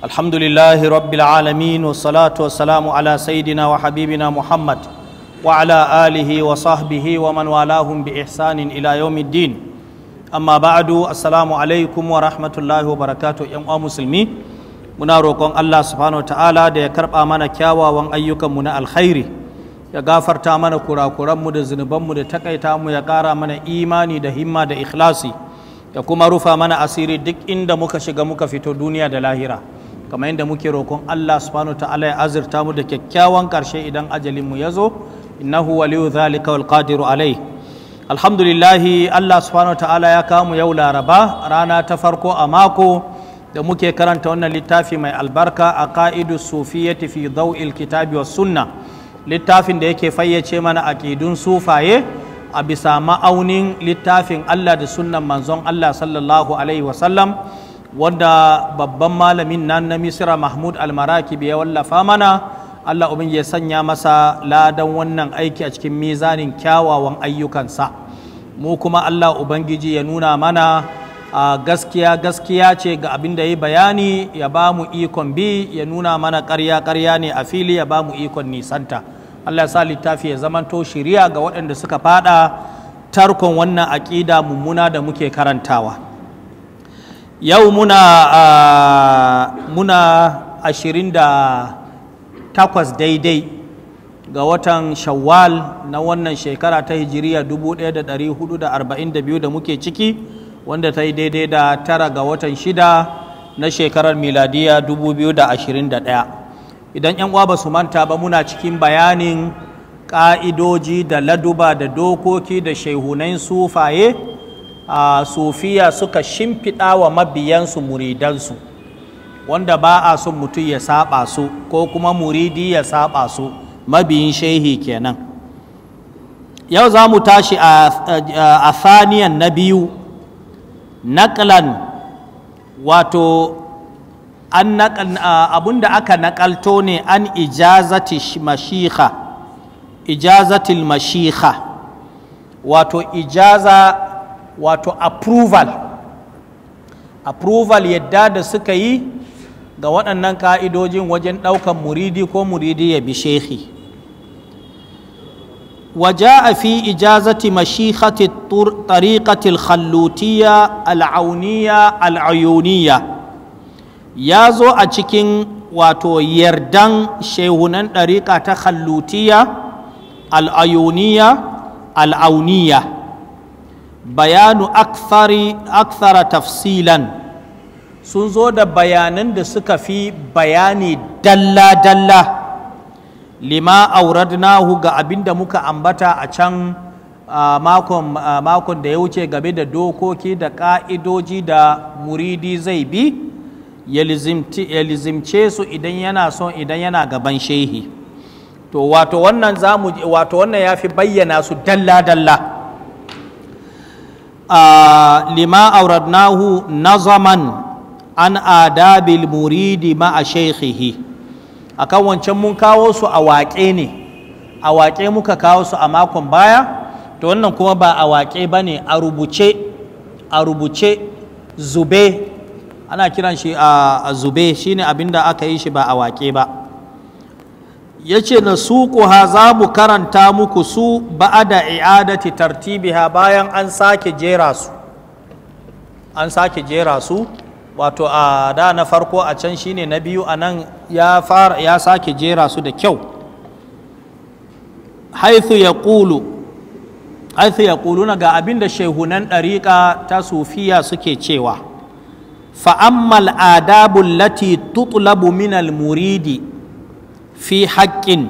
الحمد لله رب العالمين والصلاة والسلام على سيدنا وحبيبنا محمد وعلى آله وصحبه ومن والاهم بإحسان إلى يوم الدين أما بعد السلام عليكم ورحمة الله وبركاته يا مسلمين muna roƙon Allah subhanahu ta'ala da ya karɓa mana kyawawan ayyukanmu na alkhairi ya gafarta mana kurakuranmu da zunubanmu da takaita mu ya ƙara mana imani da himma da ikhlasi ya kuma rufa mana asiri duk inda muka shiga muka fito duniya da lahira kamar yadda muke roƙon Allah subhanahu ta'ala ya azurta mu da kyakkyawan ƙarshe idan ajalin mu ya zo innahu waliyu zalika wal qadiru alai alhamdulillah Allah subhanahu ta'ala ya kamu yau laraba rana ta farko a mako da muke karanta wannan littafi mai albarka a ka'idu sufiyyati fi daw'il kitabi was sunna littafin da yake fayyace mana aqidun sufaye a bisa ma'aunin littafin Allah da sunnan manzon Allah sallallahu alaihi wasallam Wanda babban malamin nan na misira mahmud almarakib ya wallafa mana allah ya sanya masa ladan wannan aiki a cikin mizanin kyawawan ayyukansa mu kuma allah ubangiji ya nuna mana a gaskiya gaskiya ce ga abin da ya bayani ya ba mu ikon bi ya nuna mana karya karya ne a fili ya ba mu ikon nisanta allah ya sa littafi ya zamanto shiriya ga waɗanda suka fada tarkon wannan aƙida mummuna da muke karantawa yau muna ashirin da takwas daidai ga watan shawwal na wannan shekara ta hijiriya 1442 da muke ciki wanda ta yi daidai da tara ga watan shida na shekarar miladiya 2021 idan yan uwa ba su manta ba muna cikin bayanin ƙa'idoji da laduba da dokoki da shehunan sufaye a sufiya suka shimfiɗa wa mabiyansu muridansu wanda ba a son mutum ya saba su ko kuma muridi ya saba su mabiyin shehi kenan yau za mu tashi a saniyan na biyu naƙalan wato abun da aka naƙalto ne an ijazati mashiha ijazatil mashiha wato ijaza wato approval approval yadda da suka yi ga waɗannan ka'idojin wajen ɗaukan muridi ko muridi ya bi shehi waje a fi ijazati mashi hati tarikatil halotiya al'auniya al'ayoniya ya zo a cikin wato yardan shehunan ɗariƙa ta halotiya al'ayoniya al'auniya bayanu akthari akthara tafsilan sun zo da bayanan da suka fi bayani dalla-dalla lima nahu ga abin da muka ambata a can makon da ya wuce game da dokoki da ka'idoji da muridi zai bi ya su idan yana son idan yana gaban shehi to wato wannan ya fi bayyana su dalla-dalla lima auradnahu nazaman an adabil muridi ma'a a akan wancan mun kawo su a waƙe ne a waƙe muka kawo su a makon baya to wannan kuma ba a waƙe ba ne a rubuce a rubuce zube ana kiran shi a zube shine abinda aka yi shi ba a waƙe ba ya ce na suƙuha za mu karanta muku su ba'ada i'adati tartibiha bayan an sake jera su an sake jera su wato a da na farko a can shine na biyu a nan ya fara ya sake jera su da kyau haithu ya ƙulu haithu ya na ga abin da shehunan ɗariƙa ta sufiya suke cewa fa'ammal adabun lati tutlabu minal muridi fi haƙƙin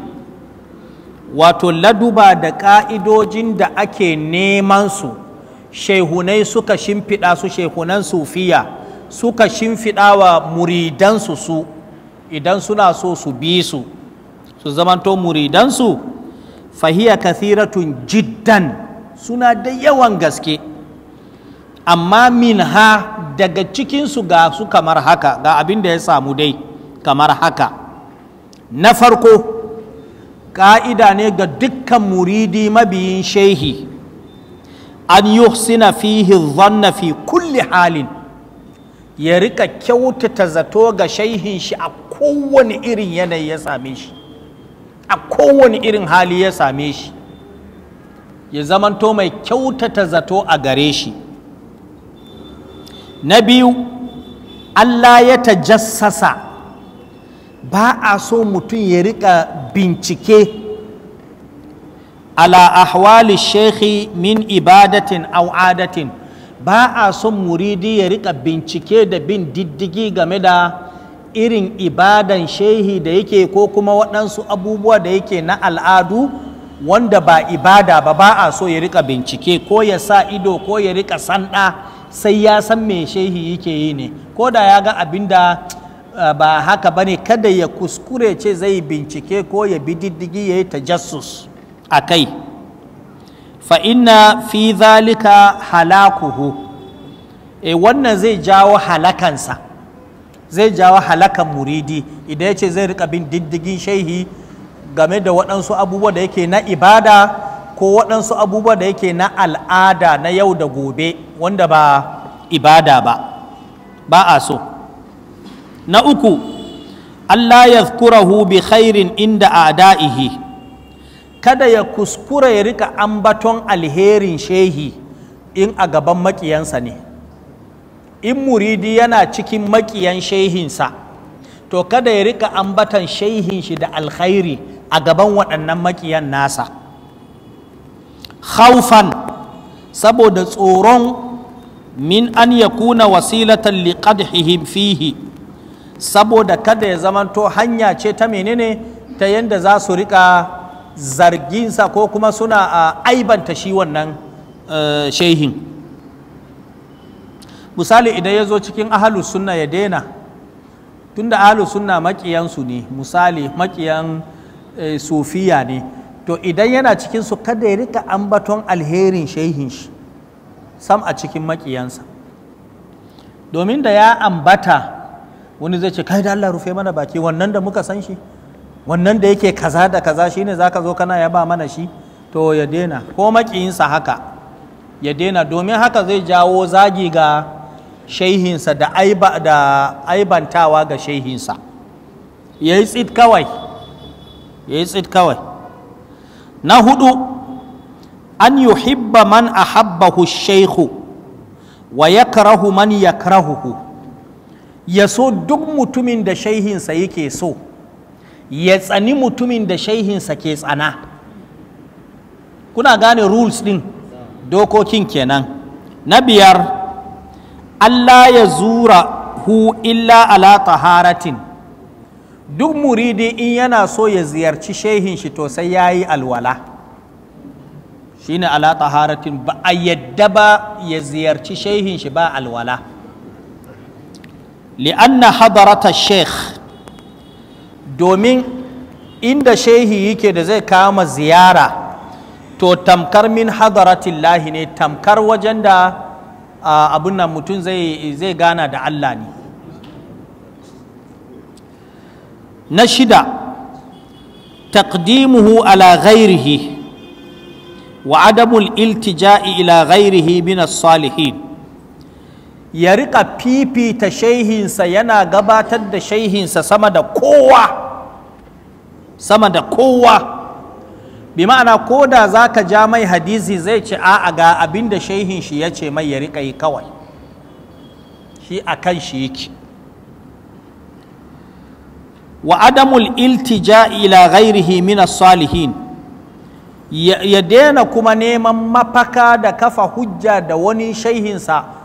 wato laduba da ƙa'idojin da ake neman su shehunai suka shimfiɗa su shehunan sufiya suka shimfiɗa wa muridansu su idan suna so su bi su su zamanto muridansu fahiya kathiratun jiddan suna da yawan gaske amma min ha daga cikinsu ga su kamar haka ga abin da ya samu dai kamar haka na farko ƙa'ida ne ga dukkan muridi mabiyin shehi an yuhsina fihi zanna fi kulli halin ya rika kyautata zato ga shehin shi a kowane irin yanayi ya same shi a kowane irin hali ya same shi ya zamanto mai kyautata zato a gare shi na biyu Allah ya tajassasa ba a so mutum ya rika bincike ala ahwali shekhi min ibadatin au adatin ba a son muridi ya rika bincike da bin diddigi game da irin ibadan shehi da yake ko kuma waɗansu abubuwa da yake na al'adu wanda ba ibada ba ba a so ya rika bincike ko ya sa ido ko ya rika sanda sai ya san me shehi yake yi ne ko da ya ga abin da Eh, ba haka ba ne kada ya kuskure ce zai bincike ko ya bi diddigi ya yi tajassus a kai fa inna fi zalika halakuhu e wannan zai jawo halakansa zai jawo halakan muridi idan ya ce zai rika bin diddigin shaihi game da waɗansu abubuwa da yake na ibada ko waɗansu abubuwa da yake na al'ada na yau da gobe wanda ba ibada ba ba a so na uku Allah ya bi khairin inda ada'ihi kada ya kuskura ya rika ambaton alherin shehi in a gaban makiyansa ne in muridi yana cikin makiyan shehinsa to kada ya rika ambatan shehin shi da alkhairi a gaban waɗannan makiyan nasa khaufan saboda tsoron min an yakuna wasilatan liqadhihim fihi saboda kada ya zamanto hanya ce ta menene ta yadda za su rika zarginsa ko kuma suna a aibanta shi wannan eh, shehin misali idan ya zo cikin ahalus sunna ya daina tunda ahalus sunna makiyansu ne misali makiyan eh, sufiya ne to idan yana cikin su kada ya rika ambaton alherin shehin shi sam a cikin makiyansa domin da ya ambata wani zai ce kai da Allah rufe mana baki wannan da muka san shi wannan da yake kaza da kaza shine zaka zo kana yaba mana shi to ya daina ko makiyinsa haka ya daina domin haka zai jawo zagi ga shehinsa da aiba da aibantawa ga shehinsa yayi tsit kawai yayi tsit kawai na hudu an yuhibba man ahabbahu shaykhu wa yakrahu man yakrahuhu ya so duk mutumin da shaihinsa yake so ya tsani mutumin da shaihinsa ke tsana kuna gane rules din dokokin kenan na biyar Allah ya zura hu illa ala taharatin duk muridi in yana so ya ziyarci shehin shi to sai ya yi alwala shine ala taharatin ba a yadda ba ya ziyarci shehin shi ba alwala li'anna hadarata sheikh domin inda shehi yake da zai kama ziyara to tamkar min lahi ne tamkar wajen da abin nan mutum zai gana da Allah ne na shida taqdimuhu ala ghairihi wa adamul iltija'i ila ghairihi min as-salihin ya riƙa fifita shaihinsa yana gabatar da shaihinsa sama da kowa sama da kowa bi ma'ana ko da za ka ja mai hadisi zai ce a'a ga abin da shaihin shi ya ce mai ya riƙa yi kawai shi a kan shi yake wa adamul iltija ila ghairihi min salihin ya daina kuma neman mafaka da kafa hujja da wani shaihinsa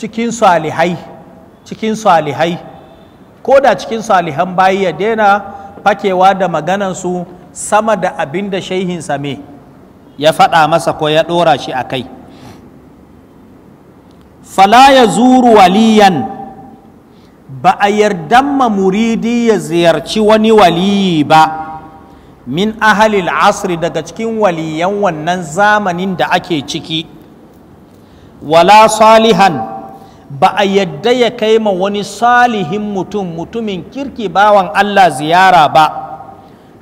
cikin salihai cikin salihai ko da cikin salihan bayi ya daina fakewa da maganansu sama da abin da shaihinsa me ya faɗa masa ko ya ɗora shi a kai fala ya zuru waliyan ba a yarda ma muridi ya ziyarci wani waliyi ba min ahalil asri daga cikin waliyan wannan zamanin da ake ciki wala salihan ba a yadda ya kai ma wani salihin mutum mutumin kirki bawan Allah ziyara ba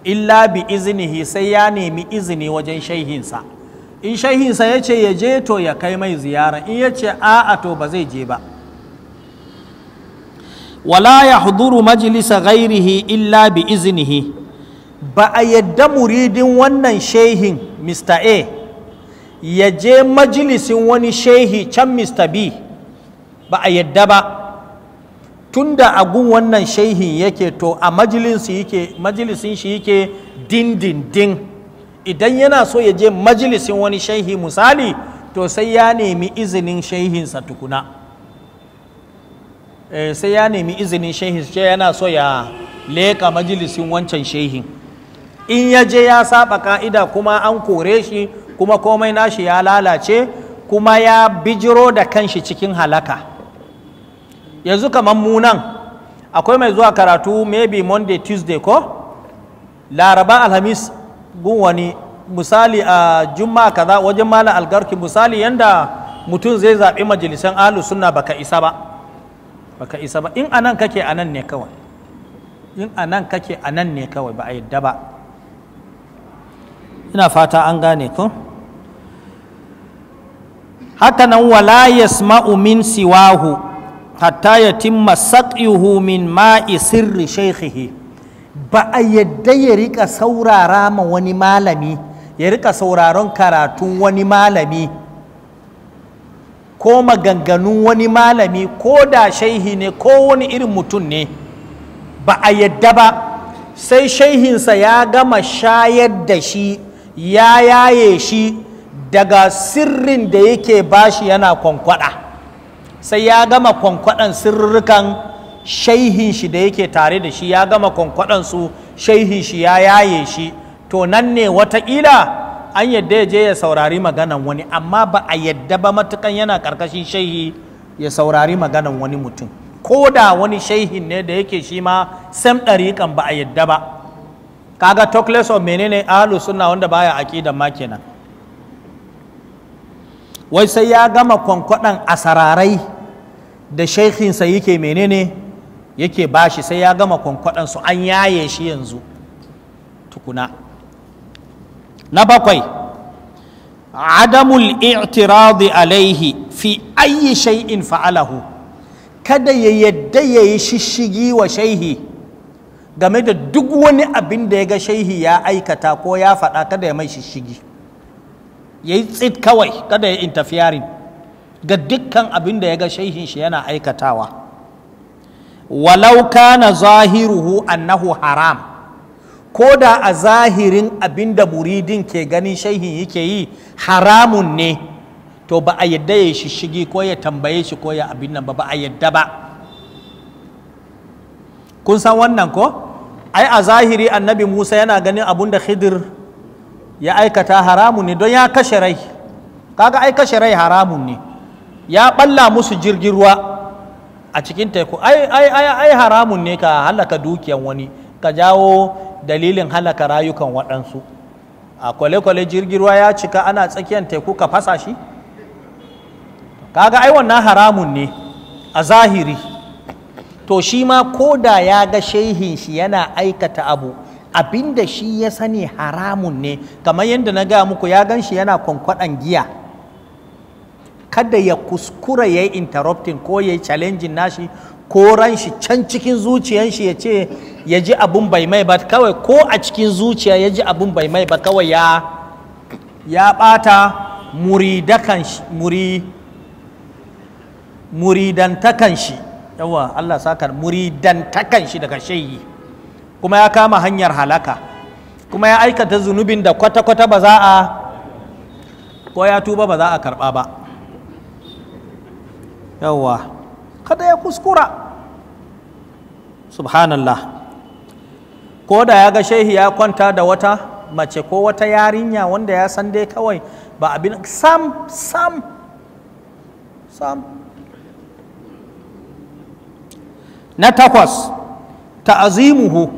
illa bi izinihi sai ya nemi izini wajen shaihinsa in shaihinsa ya ce ya je to ya kai mai ziyara in ya ce a'a to ba zai je ba wala ya huduru majalisa ghairihi illa bi iznihi ba a yadda muridin wannan shehin mr a ya je majalisin wani shehi can mr b ba a yadda ba tunda a gun wannan shaihin yake to a majalisin shi yake dindindin idan yana so ya je majalisin wani shaihi, misali to sai ya nemi izinin shaihinsa tukuna eh, sai ya nemi izinin shaihin sai yana so ya leƙa majalisin wancan shaihin. in ya je ya saba ka'ida kuma an kore shi kuma komai nashi ya lalace kuma ya bijiro da kanshi cikin halaka yanzu kamar munan akwai mai zuwa karatu maybe monday tuesday ko laraba alhamis gun wani misali a juma kaza wajen malam algarki misali yanda mutum zai zaɓi majalisan alu sunna baka isa ba baka isa ba in anan kake anan ne kawai in anan kake anan ne kawai ba a yadda ba ina fata an gane ko haka nan wala yasma'u min siwahu hatta ya timma saƙihu min ma'i sirri shaikhihi ba a yadda ya rika saurara ma wani malami ya rika sauraron karatun wani malami ko maganganun wani malami ko da shaihi ne ko wani irin mutum ne ba a yadda ba sai shaihinsa ya gama shayar da shi ya yaye shi daga sirrin da yake bashi yana kwankwada. sai ya gama kwankwaɗan sirrukan shaihin shi da yake tare da shi ya gama kwankwaɗan su shaihin shi ya yaye shi to nan ne wataƙila an yadda ya je ya saurari maganan wani amma ba a yadda ba matukan yana ƙarƙashin shaihi ya saurari maganan wani mutum ko da wani shaihin ne da yake shi ma sam ɗariƙan ba a yadda ba kaga talkless of menene ahlu suna wanda baya aqidan ma kenan wai sai ya gama kwankwaɗan asararai da shaikhinsa yake menene yake bashi sai ya gama kwankwaɗansu an yaye shi yanzu tukuna na bakwai adamul i'tiradi alaihi fi ayi shay'in fa'alahu kada ya yadda ya yi shishigi wa shaihi game da duk wani abin da ya ga shaihi ya aikata ko ya faɗa kada ya mai shishigi ya yi tsit kawai kada ya tafiyarin. ga dukkan abin da ya ga shaihin shi yana aikatawa walau kana zahiruhu annahu haram ko da a zahirin abin da muridin ke ganin shaihin yake yi haramun ne to ba a yadda ya shi shigi ko ya tambaye shi ko ya abin nan ba ba a yadda ba kun san wannan ko ai a zahiri annabi musa yana ganin abin da khidir ya aikata haramun ne don ya kashe rai kaga ai kashe rai haramun ne ya balla musu jirgin ruwa a cikin teku ai haramun ne ka halaka dukiyan wani ka jawo dalilin halaka rayukan waɗansu a kwale-kwale jirgin ruwa ya cika ana tsakiyar teku ka fasa shi kaga ai wannan haramun ne a zahiri to shi ma ko da ya ga shehin shi yana aikata abu abinda shi ya sani haramun ne kamar yadda na gaya muku ya gan shi yana kwankwaɗan giya kada ya kuskura ya yi interrupting ko ya yi challenging nashi ko ran shi can cikin zuciyan shi ya ce ya ji abun bai mai ba kawai ko a cikin zuciya ya ji abun bai mai ba kawai ya ya bata muridakan shi muri muridantakan shi yawa Allah saka muridantakan shi daga shayi kuma ya kama hanyar halaka kuma ya aikata zunubin da kwata-kwata ba za a ko ya tuba ba za a karba ba yawwa kada ya kuskura subhanallah ko da ya ga shehi ya kwanta da wata mace ko wata yarinya wanda ya san dai kawai ba abin sam sam sam na takwas ta'azimuhu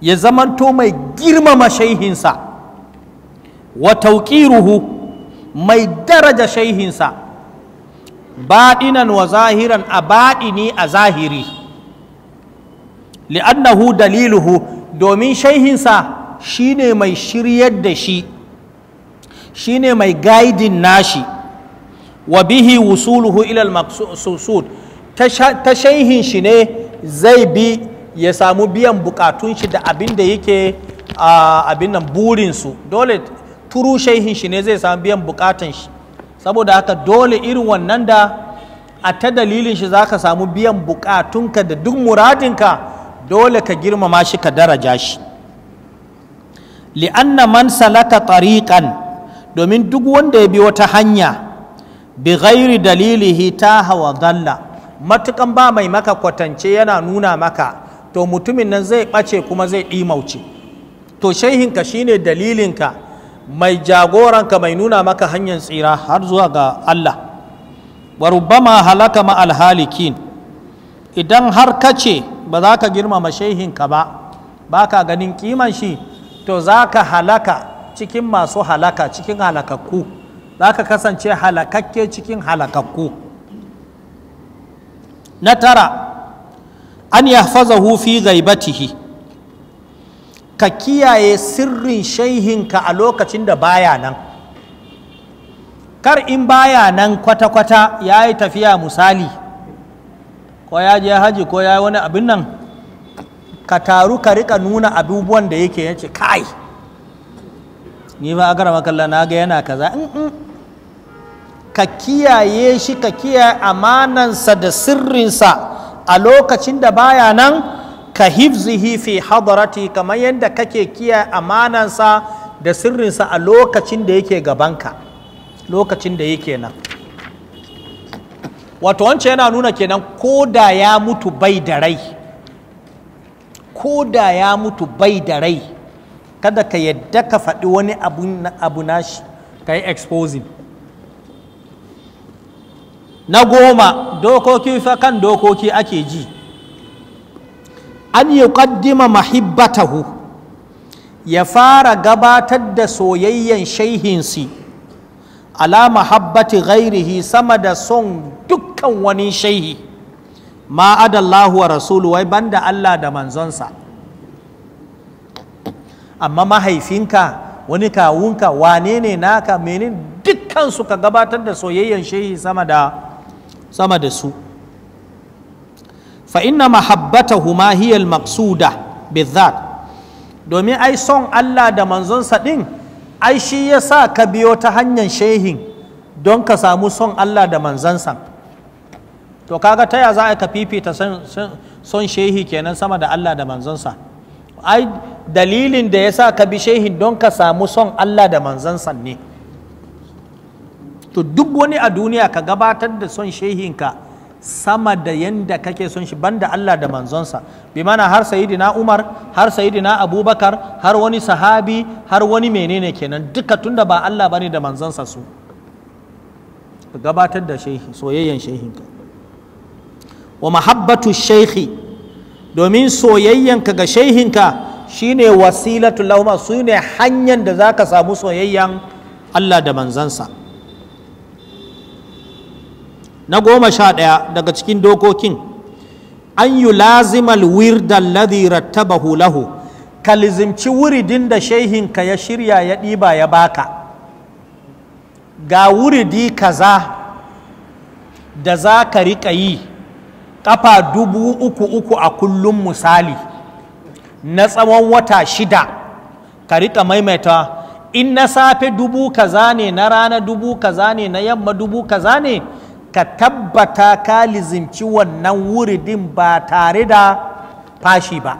ya zamanto mai girmama shaihinsa wa tauƙiruhu mai daraja shaihinsa baɗinan wa zahiran a baɗini a zahiri li'annahu daliluhu domin shaihinsa shine mai shiryar da shi shine mai gaidin nashi wa bihi wusuluhu ilal maksusud ta shaihin shi ne zai bi ya samu biyan bukatun shi da abin da yake abin nan burinsu dole turu shaihin shi ne zai samu biyan bukatun shi saboda haka dole irin wannan da a ta dalilin shi za ka samu biyan bukatunka da duk muradinka dole ka girmama shi ka daraja shi li'anna man salaka tariqan domin duk wanda ya bi wata hanya bi ghairi dalilihi ta hawa zalla. matukan ba mai maka kwatance yana nuna maka to mutumin nan zai ɓace kuma zai ɗimauce to shaihinka shine dalilinka mai jagoranka mai nuna maka hanyar tsira har zuwa ga Allah wa rubbama halaka ma alhalikin idan har ka ce ba za ka girmama shehinka ba ba ka ganin kiman shi to za ka halaka cikin masu halaka cikin halakakku za ka kasance halakakke cikin halakakku na tara an hufi fi batihi. ka kiyaye sirrin shaihinka a lokacin da baya nan kar in baya nan kwata-kwata ya yi tafiya misali ko ya je haji ko ya yi wani abin nan ka taru ka rika nuna abubuwan da yake yace kai ni ba makalla na ga yana kaza ka kiyaye shi ka kiyaye amanansa da sirrinsa a lokacin da baya nan ka hifzihi fi hadarati kamar yadda kake kiya amanansa da sirrinsa a lokacin da yake gabanka lokacin da yake nan wato wance yana nuna kenan ko da ya mutu bai da rai ko da ya mutu bai da rai kada ka yadda ka faɗi wani abu nashi ka yi exposing na goma dokoki fa kan dokoki ake ji an yi mahibbatahu ya fara gabatar da soyayyen shaihinsi ala mahabbati ghairihi sama da son dukkan wani shaihi ma adallahu wa rasulu wai banda Allah da manzonsa amma mahaifinka wani kawunka wane ne naka menin dukkan su ka gabatar da soyayyan shaihi sama da su fa inna mahabbatahuma hiya al domin ai son Allah da manzonsa din ai shi yasa ka biyo ta hanyar shehin don ka samu son Allah da manzansa to kaga taya za ka fifita son shehi kenan sama da Allah da manzansa ai dalilin da yasa ka bi shehin don ka samu son Allah da manzansa ne to duk wani a duniya ka gabatar da son shehinka sama da yanda kake son shi banda Allah da manzonsa bi mana har na Umar har na Abubakar har wani sahabi har wani menene kenan duka tunda ba Allah bane da manzonsa su gabatar da shehi soyayyen ka. wa mahabbatu shehi domin ka ga ka shine wasilatu lauma su ne hanyar da zaka samu soyayyan Allah da manzonsa. na goma sha ɗaya daga cikin dokokin an yi lazimal wirdan ladira rattabahu lahu ka lizimci wuridin da shehinka ya shirya ya ɗiba ya baka ga wuridi kaza da za ka riƙa yi ƙafa dubu uku uku a kullum misali na tsawon wata shida ka riƙa maimaita in na safe dubu kaza ne na rana dubu kaza ne na yamma dubu kaza ne ka tabbata ka lizimci wannan wuridin ba tare da fashi ba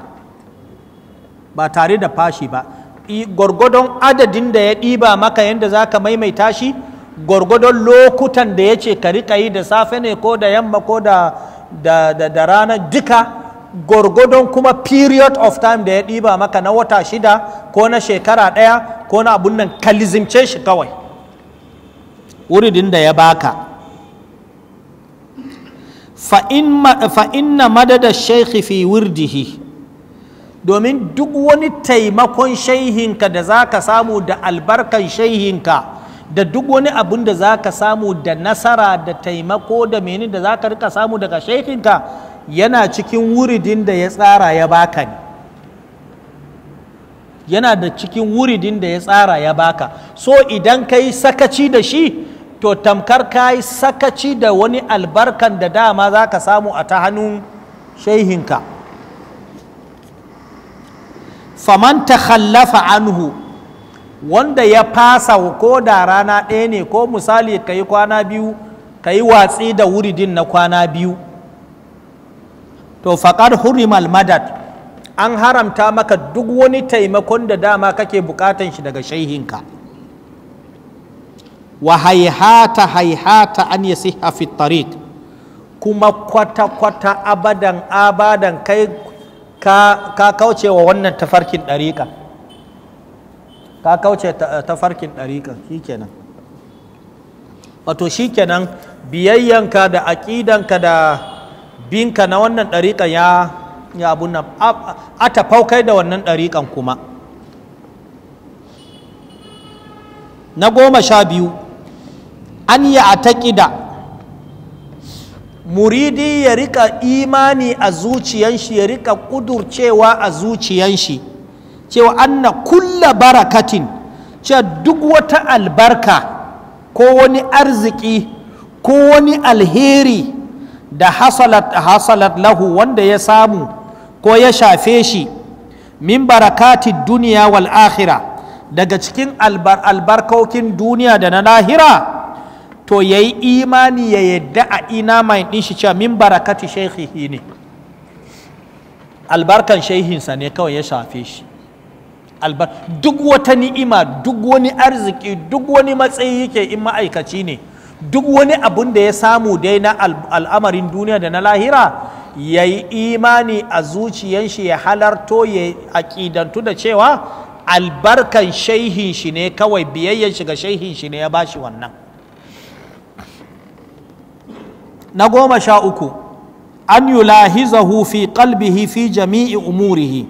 ba tare da fashi ba gwargwadon adadin da ya ɗiba maka yadda za ka maimaita shi gwargwadon lokutan da ya ce ka riƙa yi da safe ne ko da yamma ko da, rana duka gwargwadon kuma period of time da ya ɗiba maka na wata shida ko na shekara ɗaya ko na abun nan ka lizimce shi kawai wuridin da ya baka fa'inna madada shaikh fi wurdihi domin duk wani taimakon shaihinka da za ka samu da albarkan shaihinka da duk wani abin da za ka samu da nasara da taimako da meni da za ka rika samu daga shaihinka yana cikin wuridin da ya tsara ya baka ne yana da cikin wuridin da ya tsara ya baka so idan ka yi sakaci da shi to tamkar ka yi sakaci da wani albarkan da dama za ka samu a ta hannun shehinka faman ta khallafa anhu wanda ya fasa ko da rana ɗaya ne ko misali ka yi kwana biyu ka yi watsi da wuridin na kwana biyu to faƙar hurimal madad an haramta maka duk wani taimakon da dama kake bukatan shi daga shaihinka wa haihata haihata an ya siha fitarik kuma kwata kwata abadan abadan kai ka, kauce wa wannan tafarkin ɗariƙa ka kauce tafarkin ɗariƙa shikenan wato shikenan biyayyanka da aƙidanka da binka na wannan ɗariƙa ya abu abun nan a tafaukai da wannan ɗariƙan kuma na goma sha biyu an yi a taƙida muridi ya rika imani a zuciyan shi ya rika ƙudurcewa a zuciyan shi cewa anna kulla barakatin cewa duk wata albarka ko wani arziki ko wani alheri da hasalat, hasalat lahu wanda ya samu ko ya shafe shi min barakatin duniya wal akhira daga cikin albarkokin duniya da na lahira to ya yi imani ya yadda a ina mai ɗin shi cewa min barakati shaikhihi ne albarkan shaihinsa ne kawai ya shafe shi duk wata ni'ima duk wani arziki duk wani matsayi yake in ma'aikaci ne duk wani abun da ya samu dai na al'amarin duniya da na lahira ya yi imani a zuciyan shi ya halarto ya aƙidantu da cewa albarkan shaihin shi ne kawai biyayyan shiga ga shaihin shi ne ya bashi wannan na goma sha uku an yulahizahu fi qalbihi fi jami'i umurihi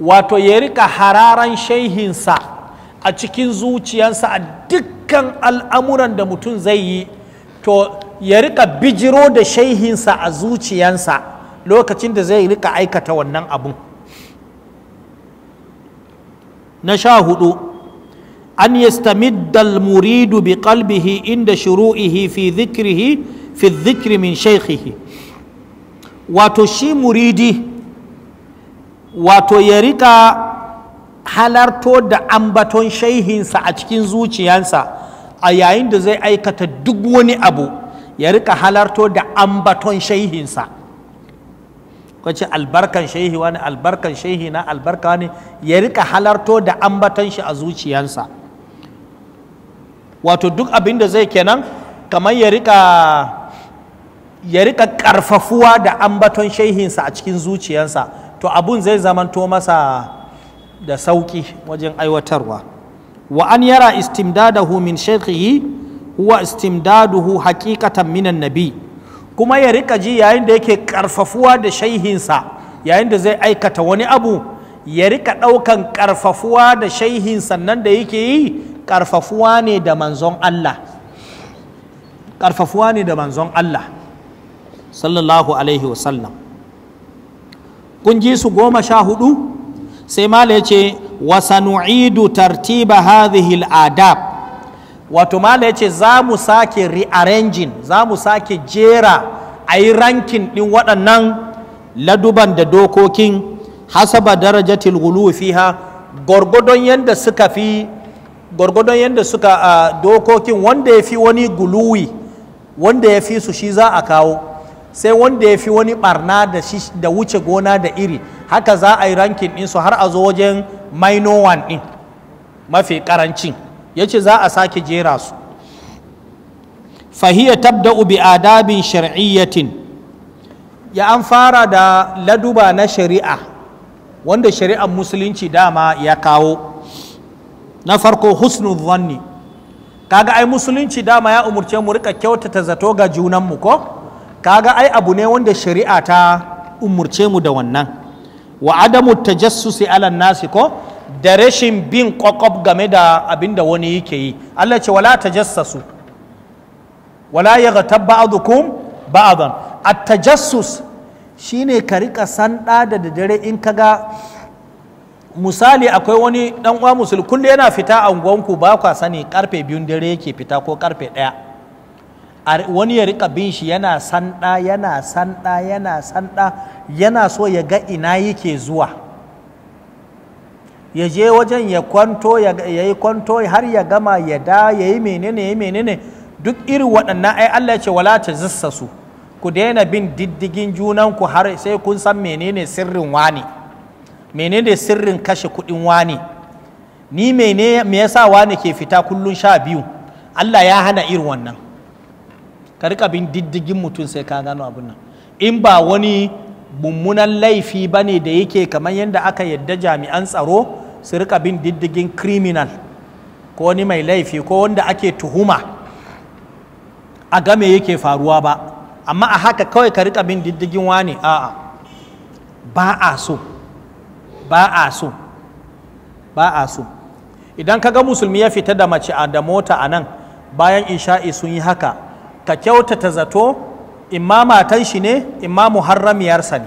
wato ya rika hararan shaihinsa a cikin zuciyarsa a dukkan al'amuran da mutum zai yi to ya rika bijiro da shaihinsa a zuciyansa lokacin da zai rika aikata wannan abun na sha hudu an yastamiddal muridu bi qalbihi inda shuru'ihi fi zikrihi fi dhikri min shaykhihi wato shi muridi wato ya rika halarto da ambaton shaihinsa a cikin zuciyansa a yayin da zai aikata duk wani abu ya rika halarto da ambaton shaihinsa kwace albarkan shaihi wani albarkan shaihi na albarka wani ya rika halarto da ambaton shi a zuciyansa wato duk abin da zai kenan kamar ya rika ya rika karfafuwa da ambaton shehinsa a cikin zuciyarsa to abun zai zamanto masa da sauƙi wajen aiwatarwa wa an yara istimdadahu min shaykhihi huwa istimdaduhu hakikatan minan nabi kuma ya rika ji yayin da yake karfafuwa da shaihinsa yayin da zai aikata wani abu ya rika ɗaukan karfafuwa da shaihin nan da yake yi karfafuwa ne da manzon Allah karfafuwa ne da manzon Allah sallallahu alaihi wasallam kun ji su goma sha hudu sai mala ya ce wasanu'idu tartiba hadhihi al'adab wato mala ya ce za mu sake rearranging za mu sake jera a yi rankin ɗin waɗannan laduban da dokokin hasaba darajatil gulu fiha gwargwadon yadda suka fi gwargwadon yadda suka dokokin wanda ya fi wani guluwi wanda ya fi su shi za a kawo sai wanda ya fi wani barna da wuce gona da iri haka za a yi rankin ɗinsu har a zo wajen maino one ɗin mafi ƙarancin ya ce za a sake jera su fahiyya tabda bi adabin shari'iyyatin ya an fara da laduba na shari'a wanda shari'ar musulunci dama ya kawo na farko husnul zanni kaga ai musulunci dama ya umurce mu rika kyautata zato ga junanmu ko kaga ai abu ne wanda shari'a ta umurce mu da wannan wa adamu tajassusi ala nasi ko da rashin bin kwakwab game da abin da wani yake yi Allah ce wala tajassasu wala ya gatab ba'adukum ba'adan at tajassus shine ka rika sanda da dare in ka ga misali akwai wani dan uwa musul kullu yana fita a unguwanku ba kwa sani karfe biyun dare yake fita ko karfe daya wani ya rika bin shi yana sanda yana sanda yana sanda yana so ya ga ina yake zuwa ya je wajen ya kwanto ya yi kwanto har ya gama ya da ya yi menene ya menene duk irin waɗannan ai Allah ya ce wala ta zissa su ku daina bin diddigin junan ku har sai kun san menene sirrin wani menene sirrin kashe kuɗin wani ni menene me yasa wani ke fita kullun sha biyu Allah ya hana irin wannan ka rika bin diddigin mutum sai ka gano abin nan in ba wani mummunan laifi ba ne da yake kamar yadda aka yadda jami'an tsaro su rika bin diddigin criminal ko wani mai laifi ko wanda ake tuhuma a game yake faruwa ba amma a haka kawai ka rika bin diddigin wani a'a ba a so ba a so ba a so idan ka ga musulmi ya fita da mace a da mota a nan bayan isha'i sun yi haka ka kyautata zato imma matan shi ne imma muharramiyarsa ne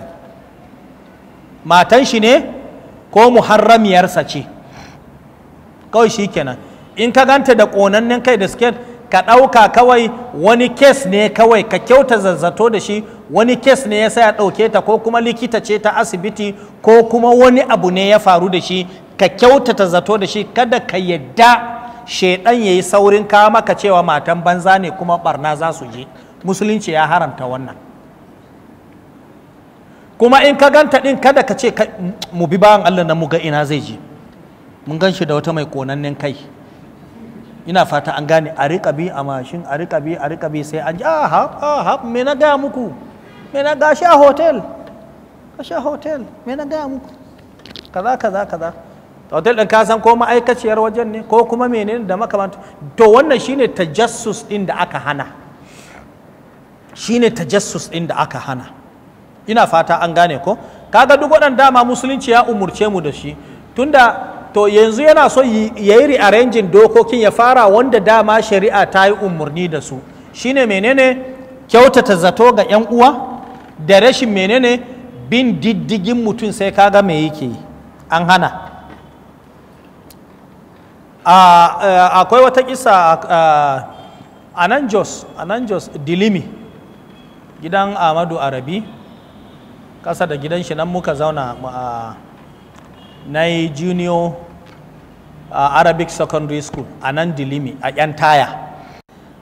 matan shi ne ko muharramiyarsa ce kawai shi kenan in ka ganta da ƙonannen kai da suke ka ɗauka kawai wani kes ne kawai ka kyauta zazzato da shi wani kes ne ya ya ɗauke ta ko kuma likita ce ta asibiti ko kuma wani abu ne ya faru da shi ka kyautata zato da shi kada ka yadda shaidan ya yi saurin kawo maka cewa matan banza ne kuma barna za su je musulunci ya haramta wannan kuma in ka ganta din kada ka ce mu bi bayan allah na mu ga ina zai je mun gan shi da wata mai konannen kai ina fata an gane a riƙa bi a mashin a riƙa bi a riƙa bi sai an ji ahab ah, ah, hap me na gaya muku me na gashi a hotel gashi a hotel me na gaya muku kaza kaza kaza hotel ɗin kasan ko ma'aikaciyar wajen ne ko kuma menene da makamanta to wannan shine tajassus ɗin da aka hana shine tajassus ɗin da aka hana ina fata an gane ko kaga duk waɗanda dama musulunci ya umurce mu da shi tunda to yanzu yana so ya yi rearranging dokokin ya fara wanda dama shari'a ta yi umarni da su shine menene kyautata zato ga 'yan uwa da rashin menene bin diddigin mutum sai kaga me yake an hana Ah, eh, akwai wata kisa a ah, nan jos dilimi gidan amadu arabi kasa da gidan shi nan muka zauna ah, na junior arabic secondary school a nan dilimi a yan taya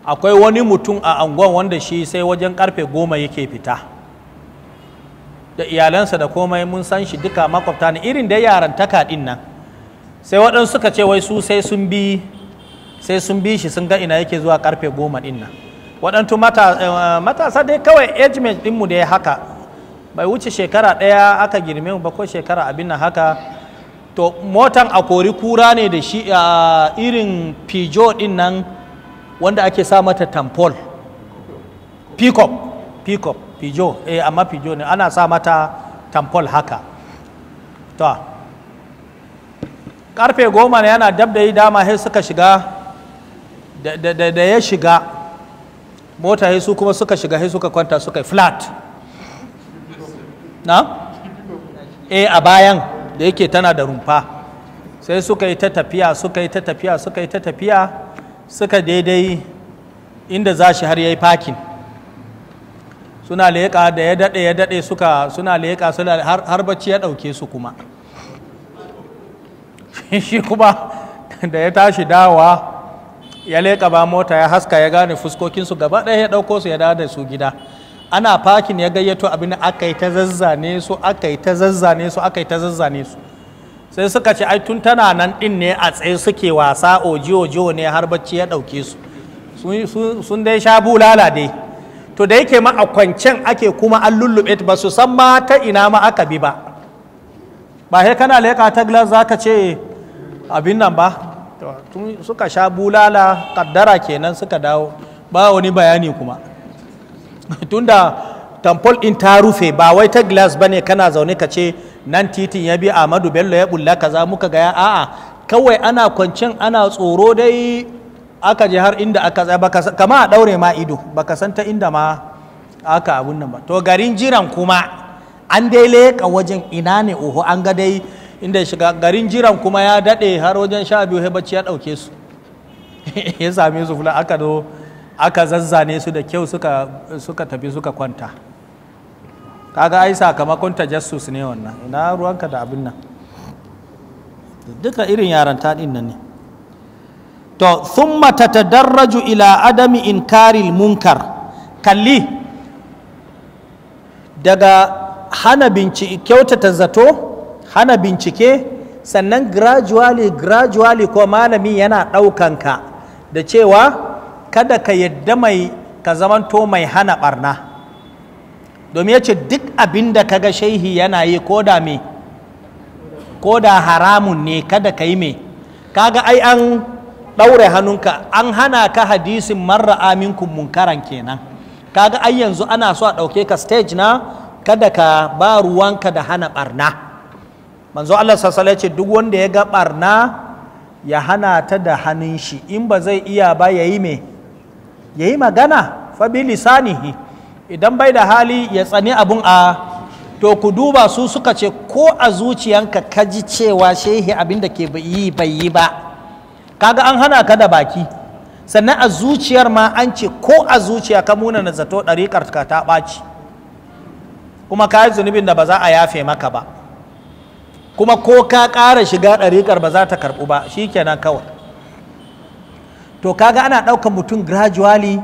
akwai wani mutum a anguwan wanda shi sai wajen karfe goma yake fita da iyalansa da komai mun san shi duka makwabta ne irin da yaran din nan sai waɗansu suka ce wai su sai sun bi sai sun bi shi sun ga ina yake zuwa karfe goma ɗin nan waɗantu eh, matasa dai kawai age mate ɗinmu da ya haka bai wuce shekara ɗaya aka girme ba ko shekara abin nan haka to motan a kori kura ne da shi a irin pijo ɗin nan wanda ake sa mata tampol pikop pijo eh amma pijo ne ana sa mata tampol haka karfe goma na yana dab da yi dama sai suka shiga da ya shiga mota sai su kuma suka shiga sai suka kwanta suka yi flat na? e a bayan da yake tana da rumfa sai suka yi ta tafiya suka yi ta tafiya suka yi ta tafiya suka daidai inda za shi har ya yi pakin suna leƙa da ya daɗe ya daɗe suka suna leƙa har bacci ya ɗauke su kuma shi kuma da ya tashi dawa ya leƙa ba mota ya haska ya gane fuskokinsu gaba ɗaya ya ɗauko su ya dawo da su gida ana fakin ya gayyato abin da aka yi ta zazzane su aka yi ta zazzane su aka yi ta zazzane su sai suka ce ai tun tana nan ɗin ne a tsaye suke wasa ojiyo ne har bacci ya ɗauke su sun dai sha bulala dai to da yake ma a kwancen ake kuma an lullube ba su san ma ta ina ma aka bi ba ba he kana leƙa ta glass za ka ce abin nan ba suka sha bulala kaddara kenan suka dawo ba wani bayani kuma tunda tamfol ɗin ta rufe ba wai ta glass ba ne kana zaune ka ce nan titin ya bi amadu bello ya bulla kaza muka gaya a'a kawai ana kwancin ana tsoro dai aka je har inda aka tsaya kama a daure ma ido baka san ta inda ma aka abun nan ba to garin jiran kuma an dai leƙa wajen ina ne oho an ga dai inda ya shiga garin jiran kuma ya daɗe har wajen sha biyu bacci ya ɗauke su ya same su fula aka zo aka zazzane su da kyau suka tafi suka kwanta kaga ai sakamakon tajassus ne wannan ina ruwanka da abin nan duka irin yaran taɗin nan ne to thumma tatadarraju ila adami inkaril munkar kalli daga hana bincike kyautata zato hana bincike sannan gradually gradually ko malami yana ɗaukan ka da cewa kada ka yadda mai ka zamanto mai hana barna domin ya ce duk abin da kaga shehi yana yi ko da me ko da haramun ne kada ka yi me kaga ai an ɗaure hannunka an hana ka hadisin marra aminkum munkaran kenan kaga ai yanzu ana so a ɗauke ka stage na kada ka ba ruwanka da hana barna manzo Allah ya ce duk wanda ya ga barna ya hana ta da hannun shi in ba zai iya ba ya yi me ya yi magana fa bi lisanihi idan bai da hali ya tsani abun a to ku duba su suka ce ko a zuciyanka ka ji cewa shehi abin da ke yi bai yi ba kaga an hana ka da baki sannan a zuciyar ma an ce ko a zuciya ka muna na zato ɗarikar ka ta ɓaci kuma ka yi zunubin da ba za a yafe maka ba kuma ko ka ƙara shiga ɗariƙar ba za ta karɓu ba shi kenan kawai to kaga ana ɗaukar mutum gradually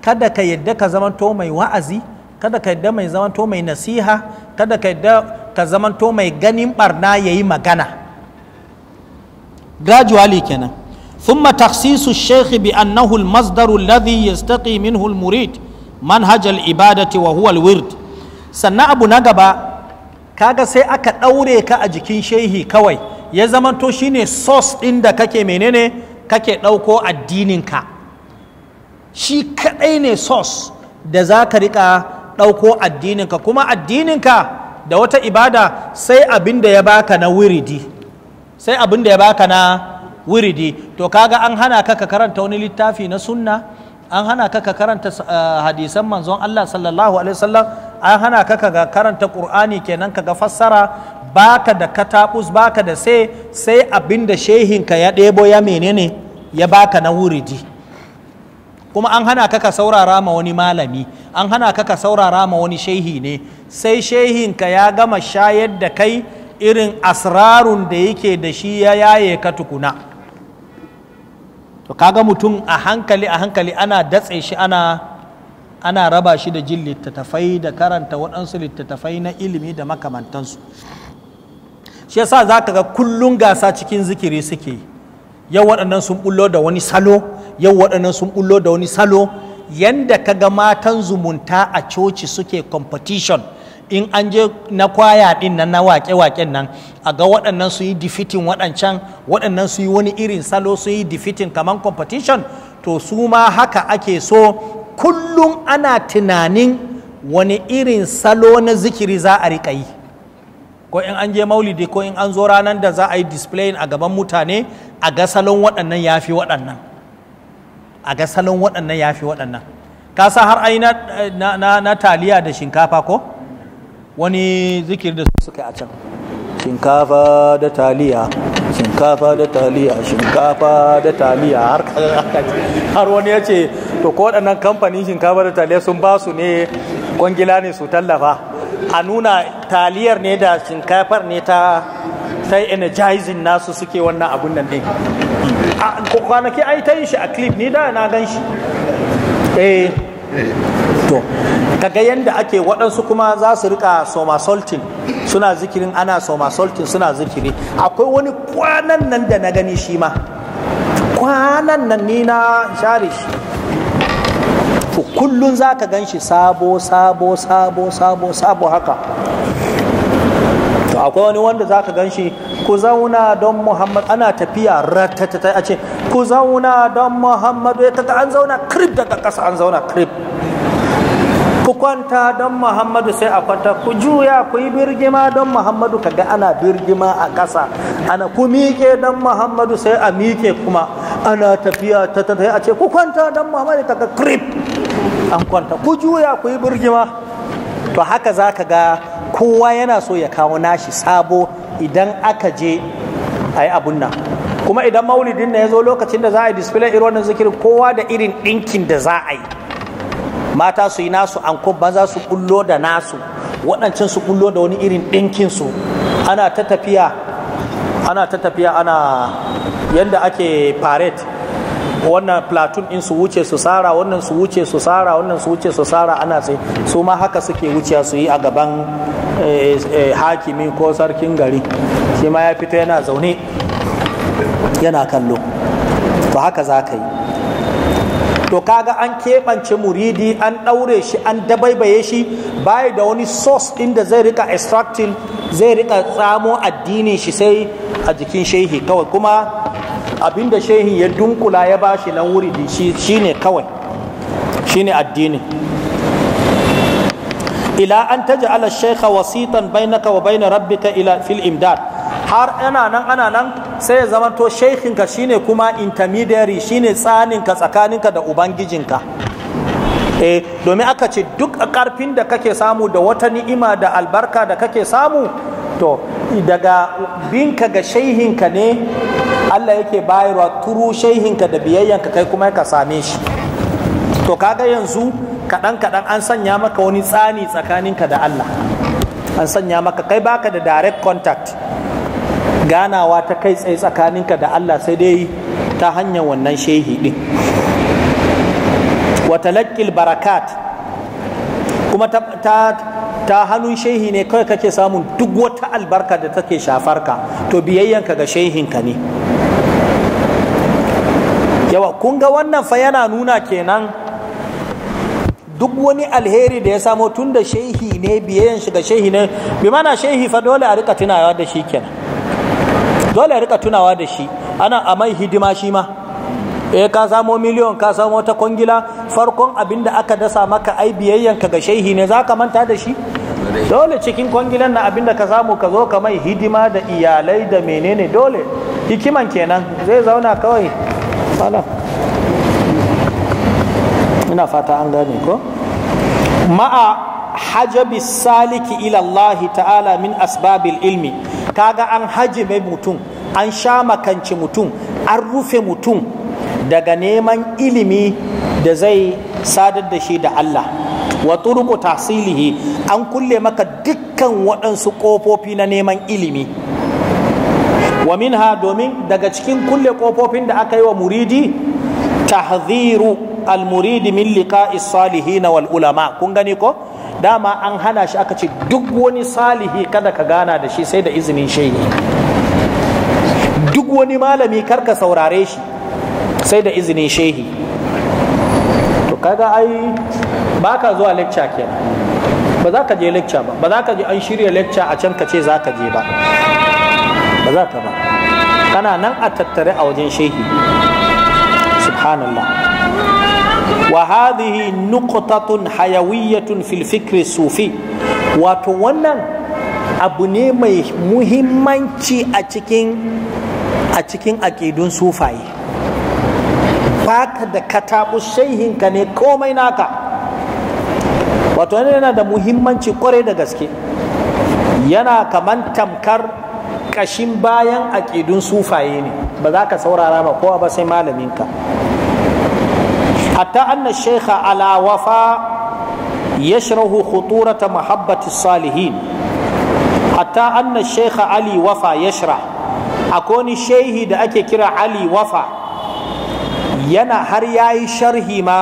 kada ka yadda ka zamanto mai wa'azi kada ka yadda mai zamanto mai nasiha kada ka yadda ka zamanto mai ganin barna ya yi magana gradually kenan ثم تخصيص الشيخ بأنه المصدر الذي يستقي منه المريد منهج العبادة وهو الورد sannan abu na gaba kaga sai aka ɗaure ka a jikin shehi kawai ya zamanto shine sos ɗin da kake menene kake ɗauko addininka shi kaɗai ne sos da za ka riƙa ɗauko addininka kuma addininka da wata ibada sai abin da ya baka na wiridi sai abin da ya baka na wuridi to kaga an hana ka ka karanta wani littafi na sunna an hana ka ka karanta eh, hadisan manzon Allah sallallahu alaihi wasallam an hana ka kaga karanta qur'ani kenan kaga fassara baka da katabus baka da sai sai abinda da ka ya ɗebo ya menene ya baka na wuridi kuma an hana ka ka saurara ma wani malami an hana ka ka saurara ma wani shehi ne sai ka ya gama shayar da kai irin asrarun da yake da shi ya yaye ka tukuna to kaga mutum a hankali a hankali ana datse shi ana ana raba shi da jin littattafai da karanta waɗansu littattafai na ilimi da makamantansu shi yasa za ka ga kullum gasa cikin zikiri suke yau waɗannan sun bullo da wani salo yau waɗannan sun bullo da wani salo yanda ka ga matan zumunta a coci suke competition in an je na kwaya din nan na wake-waken nan a ga waɗannan su yi difitin waɗancan waɗannan su yi wani irin salo su yi difitin kamar competition to su ma haka ake so kullum ana tunanin wani irin salo na zikiri za a riƙa yi ko in an je maulidi ko in an zo ranar da za a yi display a gaban mutane a ga salon waɗannan ya fi waɗannan a ga salon waɗannan ya fi waɗannan ka sa har ai na taliya da shinkafa ko wani zikiri da suka yi a can shinkafa da taliya shinkafa da taliya shinkafa da taliya har wani ya ce to ko waɗannan kamfanin shinkafa da taliya sun ba su ne kwangila ne su tallafa a nuna taliyar ne da shinkafar ne ta ta energizing nasu suke wannan abun nan ɗin kwanaki ai ta yin shi a clip ni da na gan shi eh to kaga yanda ake waɗansu kuma za su rika soma saltin suna zikirin ana soma saltin suna zikiri akwai wani kwanan nan da na gani shi ma kwanan nan ni na share shi to kullun za ka gan shi sabo sabo sabo sabo sabo haka to akwai wani wanda za ka gan shi ku zauna don muhammad ana tafiya ratatata a ce ku zauna don muhammad ya kaga an zauna krip daga ƙasa an zauna krip kwanta don muhammadu sai a kwanta ku juya ku yi birgima don muhammadu kaga ana birgima a ƙasa ana ku miƙe don muhammadu sai a miƙe kuma ana tafiya ta tafiya a ce ku kwanta don muhammadu ta ga krip an kwanta ku juya ku yi birgima to haka za ka ga kowa yana so ya kawo nashi sabo idan aka je a yi abun nan kuma idan maulidin na ya zo lokacin da za a yi display irin wannan zikirin kowa da irin ɗinkin da za a yi mata su yi nasu anko banza su bullo da nasu waɗancan su bullo da wani irin ɗinkinsu ana ta tafiya ana ta tafiya ana yadda ake parade wannan platoon in su wuce su sara wannan su wuce su sara wannan su wuce su sara ana sai su ma haka suke wuce su yi a gaban eh, eh, hakimi ko sarkin gari shi ma ya fito yana zaune yana kallo to haka za ka yi to kaga an keɓance muridi an ɗaure shi an dabaibaye shi bayi da wani source ɗin da zai rika extracting zai rika tsamo addinin shi sai a jikin shehi kawai kuma abinda shehi ya dunkula ya bashi nan wuridi shine kawai shine addini ila an taj'ala ala shekha wasitan bainaka wa bain rabbika ila fil imdad har ana nan ana nan sai ya to sheikhinka shine kuma intermediary shine tsaninka tsakaninka da ubangijinka eh domin aka ce duk karfin da kake samu da wata ni'ima da albarka da kake samu to daga binka ga shehinka ne Allah yake bayarwa turu shehinka da biyayyanka kai kuma ka same shi to kaga yanzu kaɗan kaɗan an sanya maka wani tsani tsakaninka da Allah an sanya maka kai baka da direct contact ganawa ta kai tsaye tsakaninka da Allah sai dai ta hanyar wannan shehi din watalakil barakat kuma ta, ta hannun shehi ne kawai kake samun duk wata albarka da take shafarka to biyayyanka ga shehinka ne yawa kun ga wannan fa yana nuna kenan duk wani alheri da ya samo tun da shehi ne biyayyan shi ga shehi ne bi mana shehi fa dole a rika tunawa da shi kenan dole rika tunawa da shi ana a mai hidima shi ma eh ka samo miliyon ka samo ta kwangila farkon abin da aka dasa maka ai biyayyan ka ga shehi ne zaka manta da shi dole cikin kwangilan na abin da ka samu ka zo ka mai hidima da iyalai da menene dole hikiman kenan zai zauna kawai ina fata an gane ko ma'a hajabi saliki ila Allah ta'ala min asbabil ilmi kaga an hajime mutum an sha makanci mutum an rufe mutum daga neman ilimi da zai sadar da shi da Allah wa turuku tahsilihi an kulle maka dukkan waɗansu ƙofofi na neman ilimi wa minha domin daga cikin kulle ƙofofin da aka yi wa muridi tahziru al-muridi min liqa'i salihin wal ulama kun gani ko dama an hana shi aka ce duk wani salihi kada ka gana da shi sai da izinin shehi duk wani malami kar ka saurare shi sai da izinin shehi to kaga ai ba ka zuwa lecture kenan ba za ka je lecture ba ba za ka je an shirya lecture a can ka ce za ka je ba ba za ka ba kana nan a tattare a wajen shehi subhanallah wa hadhihi nuqtatun hayawiyyatun fil fikri sufi wato wannan abu ne mai muhimmanci a cikin a cikin aƙidun sufaye baka da katabu shaihinka ne komai naka wato yana da muhimmanci kwarai da gaske yana kaman tamkar kashin bayan aƙidun sufaye ne ba za ka saurara ma kowa ba sai malaminka hatta anna shaykha ala wafa yashrahu khuturata mahabbati salihin hatta anna shaykha ali wafa yashra akoni shehi da ake kira ali wafa yana har yayi sharhi ma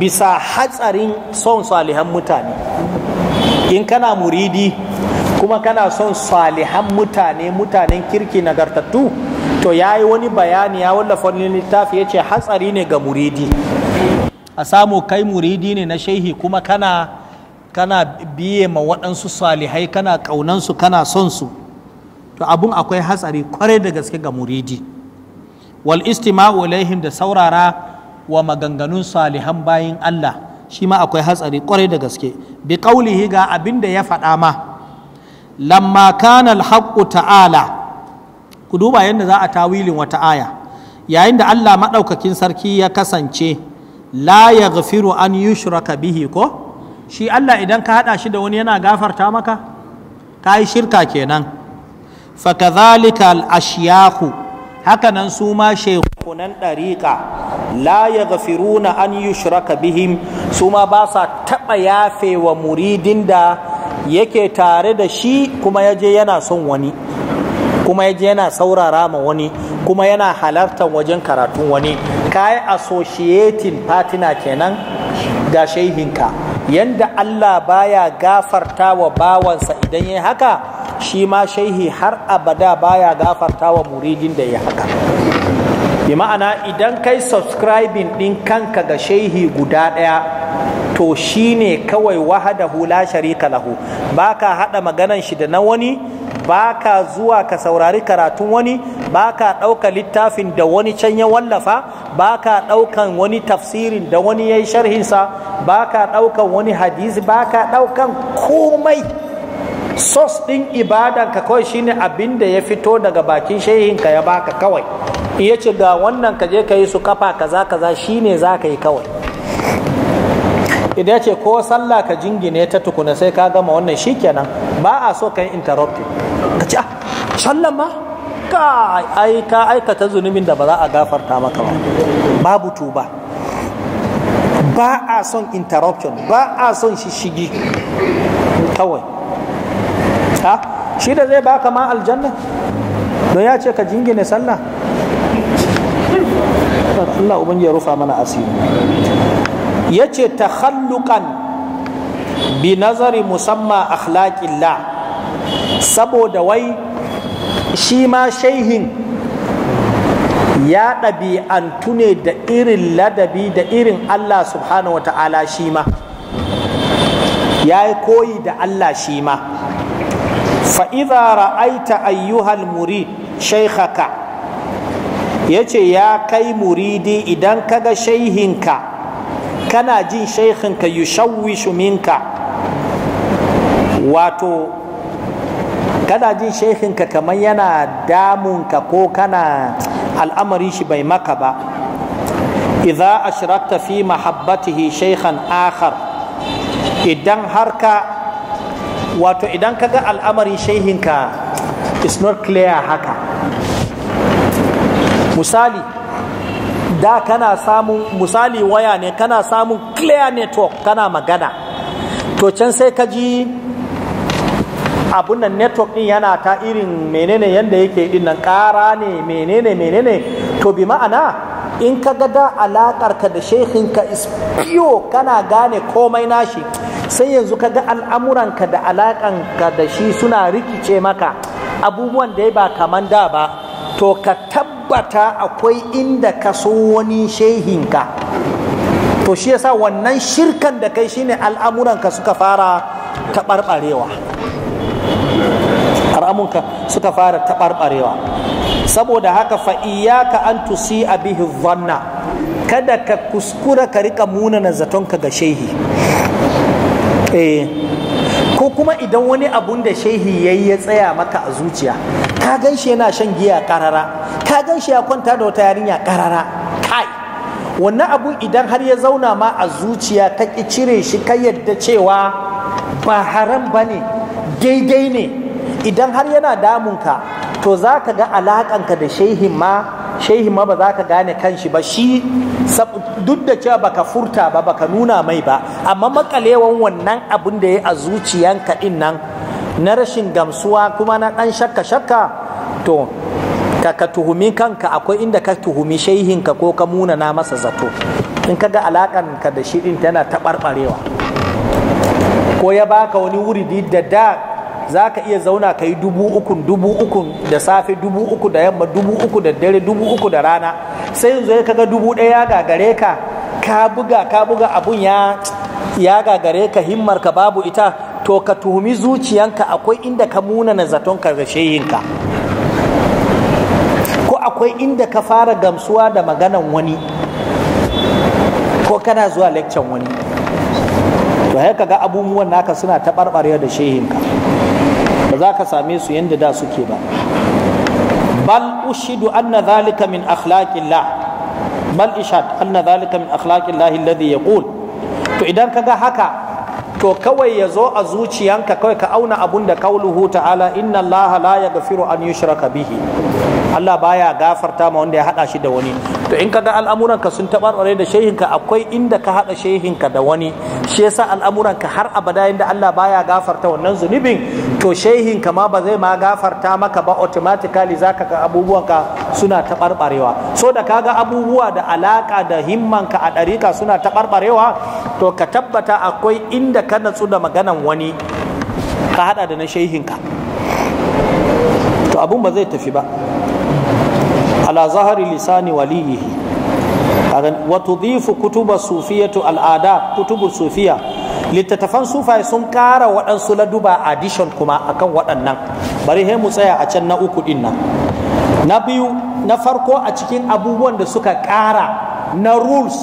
bisa hatsarin son salihan mutane in kana muridi kuma kana son salihan mutane mutanen kirki nagartattu to ya yi wani bayani ya wallafa wani littafi ya ce hatsari ne ga muridi a samu kai muridi ne na shehi kuma kana kana biye ma waɗansu salihai kana ƙaunansu kana son su to abun akwai hatsari kwarai da gaske ga muridi wal istima'u ilaihim da saurara wa maganganun salihan bayin Allah shi ma akwai hatsari kwarai da gaske bi ƙaulihi ga abin da ya faɗa ma lamma kana alhaqqu ta'ala ku duba yadda za a tawilin wata aya yayin da Allah maɗaukakin sarki ya kasance la yaghfiru an yushraka bihi ko shi Allah idan ka hada shi da wani yana gafarta maka ka yi shirka kenan kadhalika al-ashyahu nan su ma shekunan dariƙa. la yaghfiruna an yushraka bihim su ma ba sa taɓa yafe wa muridin da yake tare da shi kuma ya je yana son wani kuma ya je yana saurara ma wani kuma yana halartar wajen karatun wani yi associating partner kenan ga shaihinka yanda Allah baya gafarta wa bawansa idan ya haka shi ma shaihi har abada baya gafarta wa muridin da ya haka bi ma'ana idan kai subscribing ɗin kanka ga shaihi guda ɗaya to shine kawai wahadahu la sharika lahu ka hada maganan shi da na wani ba ka zuwa ka saurari karatun wani ba ka ɗauka littafin da wani can ya wallafa ba ka ɗaukan wani tafsirin da wani ya yi sharhinsa ba ka ɗaukan wani hadisi ba ka ɗaukan komai sos ɗin ibadanka kawai shine abin da ya fito daga bakin shehinka ya baka kawai iya ce ga wannan ka je ka yi su kafa kaza kaza shine za ka yi kawai idan ya ce ko sallah ka jingine ta tukuna sai ka gama wannan shikenan ba a so ka yi interrupting ka ce ah ma ka aika aikata zunubin da ba za a gafarta maka ba babu tuba ba a son interruption ba a son shishigi kawai ha shi da zai baka ma aljanna don ya ce ka jingine sallah Allah ubangiji ya rufa mana asiri ya ce takhalluqan bi nazari musamman akhlaqillah saboda wai shi ma shaihin ya ɗabi'antu ne da irin ladabi da irin Allah subhanahu wa ta'ala shi ma ya yi koyi da Allah shi ma fa'iza ra'aita ayyuhal murid shaikhaka ya ce ya kai muridi idan kaga shaihinka kana jin shaikhinka shawi minka wato kana jin shaikhinka kamar yana damunka ko kana al'amarin shi bai maka ba idza ashrakta fi mahabbatihi shaykhan akhar idan har ka wato idan ka ga al'amarin shehinka is not clear haka misali da kana samun misali waya ne kana samun clear network kana magana to can sai ka ji abun nan network din yana ta irin menene yanda yake din nan ƙara ne menene menene to bi ma'ana in ka ga da alakar ka da ka is kana gane komai nashi sai yanzu ka ga al'amuranka da alaƙanka da shi suna rikice maka abubuwan da ya ba kaman da ba to ka tabbata tabbata akwai inda ka so wani shehinka to shi yasa wannan shirkan da kai shine al'amuranka suka fara taɓarɓarewa ka suka fara taɓarɓarewa saboda haka ka an tusi a bihi zanna kada ka kuskura ka rika munana zatonka ga shehi eh kuma idan wani abun da shehi yayi ya tsaya maka a zuciya ka gan shi yana shan giya karara ka gan shi ya kwanta da wata yarinya karara kai wannan abu idan har ya zauna ma a zuciya ta ki cire shi ka yadda cewa ba haram ba ne daidai ne idan har yana damunka to za ka ga alaƙanka da shehin ma shehi ma ba za ka gane kan shi ba shi duk da cewa baka furta ba baka nuna mai ba amma makalewan wannan abin da ya a zuciyanka din nan na rashin gamsuwa kuma na dan shakka shakka to ka ka tuhumi kanka akwai inda ka tuhumi shehinka ko ka muna na masa zato in ka ga alakan ka da shi din tana taɓarɓarewa ko ya baka wani wuridi da da za ka iya zauna ka yi dubu uku, dubu uku da safe dubu uku da yamma dubu uku da dare dubu uku da rana sai yanzu ya kaga dubu ɗaya ya gagare ka ka buga ka buga abun ya ya gagare ka himmar ka babu ita to ka tuhumi zuciyanka akwai inda ka munana zaton ka yinka ko akwai inda ka fara gamsuwa da maganan wani ko kana zuwa leccan wani to haka ga abubuwan naka suna taɓarɓarewa da shehinka ba za ka same su yadda da suke ba bal ushidu anna zalika min akhlaqillah bal ishad anna zalika min akhlaqillah alladhi yaqul to idan kaga haka to kawai ya zo a zuciyanka kawai ka auna abun da kauluhu ta'ala inna Allah la yaghfiru an yushraka bihi Allah baya gafarta ma wanda ya hada shi da wani to in kaga al'amuran ka sun tabarbare da shehinka akwai inda ka hada shehinka da wani shi yasa al'amuran ka har abada inda Allah baya gafarta wannan zunubin to shehinka ma ba zai ma gafarta maka ba automatically zaka ga ka suna tabarbarewa so da kaga abubuwa da alaƙa da himmanka a ɗarika suna tabarbarewa to ka tabbata akwai inda ka natsu da maganan wani ka hada da na shehinka to abun ba zai tafi ba ala zahari lisani waliyihi wa tudhifu kutuba sufiyatu al'ada kutubu sufiya littattafan sufaye sun kara waɗansu laduba addition kuma akan waɗannan bari he mu tsaya a can na uku din nan na biyu na farko a cikin abubuwan da suka kara na rules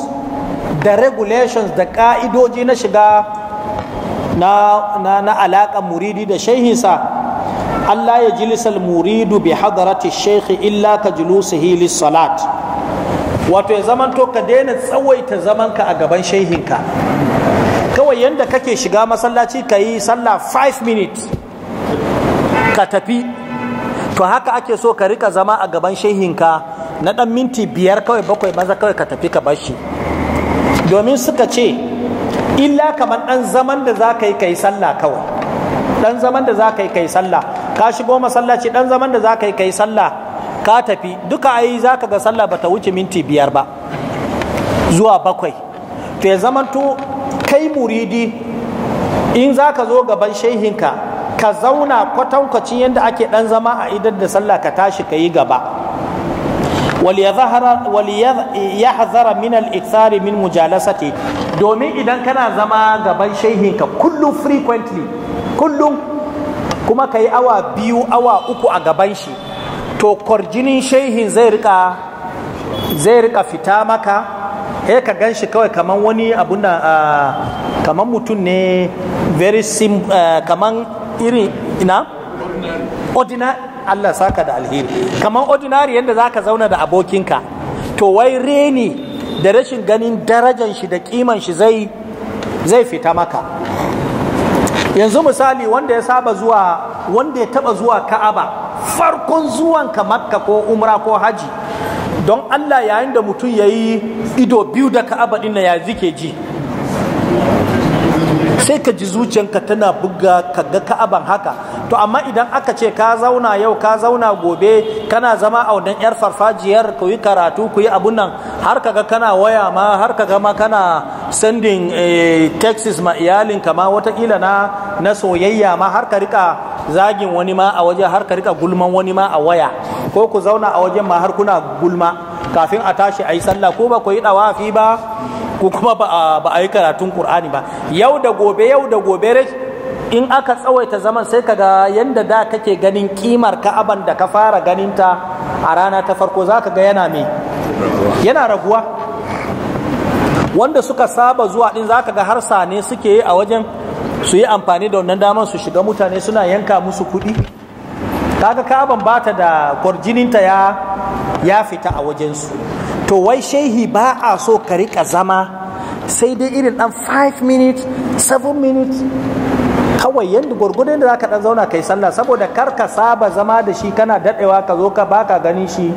da regulations da ka'idoji na shiga na na muridi da shehinsa Allah ya jilisa muridu bi hadarati shaykhi illa ka julusu hilis salat wato ya zaman to ka daina tsawaita zamanka a gaban shehinka kawai yanda kake shiga masallaci ka yi sallah 5 minutes ka tafi to haka ake so ka rika zama a gaban shehinka na dan minti biyar kawai bakwai maza kawai ka tafi ka bashi. domin suka ce illa kamar ɗan zaman da za ka yi kai sallah kawai ɗan zaman da za ka yi kai sallah ka shigo masallaci ɗan zaman da za ka yi kai sallah ka tafi duka ayi za ka ga sallah ba ta wuce minti biyar ba zuwa bakwai to ya to kai muridi in za ka zo gaban shehinka ka zauna kwatankwacin yadda ake ɗan zama a idar da sallah ka tashi ka yi gaba waliyahzara min al-ikthari min mujalasati domin idan kana zama gaban shehinka kullum frequently kullum kuma ka yi awa biyu awa uku a gaban shi to kwarjinin shaihin zai rika fita maka he ka gan shi kawai kaman wani abu na, kaman mutum ne very simple, kaman iri ina Allah saka da alheri kamar ordinary yadda zaka zauna da abokinka to wai reni da rashin ganin darajan shi da kiman shi zai zai fita maka yanzu misali wanda ya saba zuwa wanda ya taba zuwa Ka'aba farkon zuwan ka Makka ko Umra ko Haji don Allah yayin da mutum yayi ido biyu da Ka'aba din ya zike ji sai ka ji zuciyanka tana buga ka ga ka'aban haka to amma idan aka ce ka zauna yau ka zauna gobe kana zama a wadan yar farfajiyar ku yi karatu ku yi abun nan har ka ga kana waya ma har ka ga ma kana sendin eh, texas ma ka ma watakila na na soyayya ma har ka rika zagin wani ma a waje har ka rika gulman wani ma a waya ko ku zauna a wajen ma har kuna gulma kafin a tashi a yi sallah ko ba ku yi dawafi ba ko kuma ba a yi karatun ƙur'ani ba yau da gobe yau da gobe in aka tsawaita zaman sai kaga yadda da kake ganin kimar ka'aban da ka fara ganin ta a rana ta farko za ka ga yana me yana raguwa wanda suka saba zuwa din za ka ga har sane suke yi a wajen su yi amfani da wannan damar su shiga mutane suna yanka musu kuɗi kaga ka'aban bata da kwarjininta ya ya fita a wajensu to wai shehi ba a so ka rika zama sai dai irin dan 5 minutes 7 minutes kawai yadda gwargwadon da ka dan zauna kai sallah saboda kar ka saba zama da shi kana dadewa ka zo ka baka ganin shi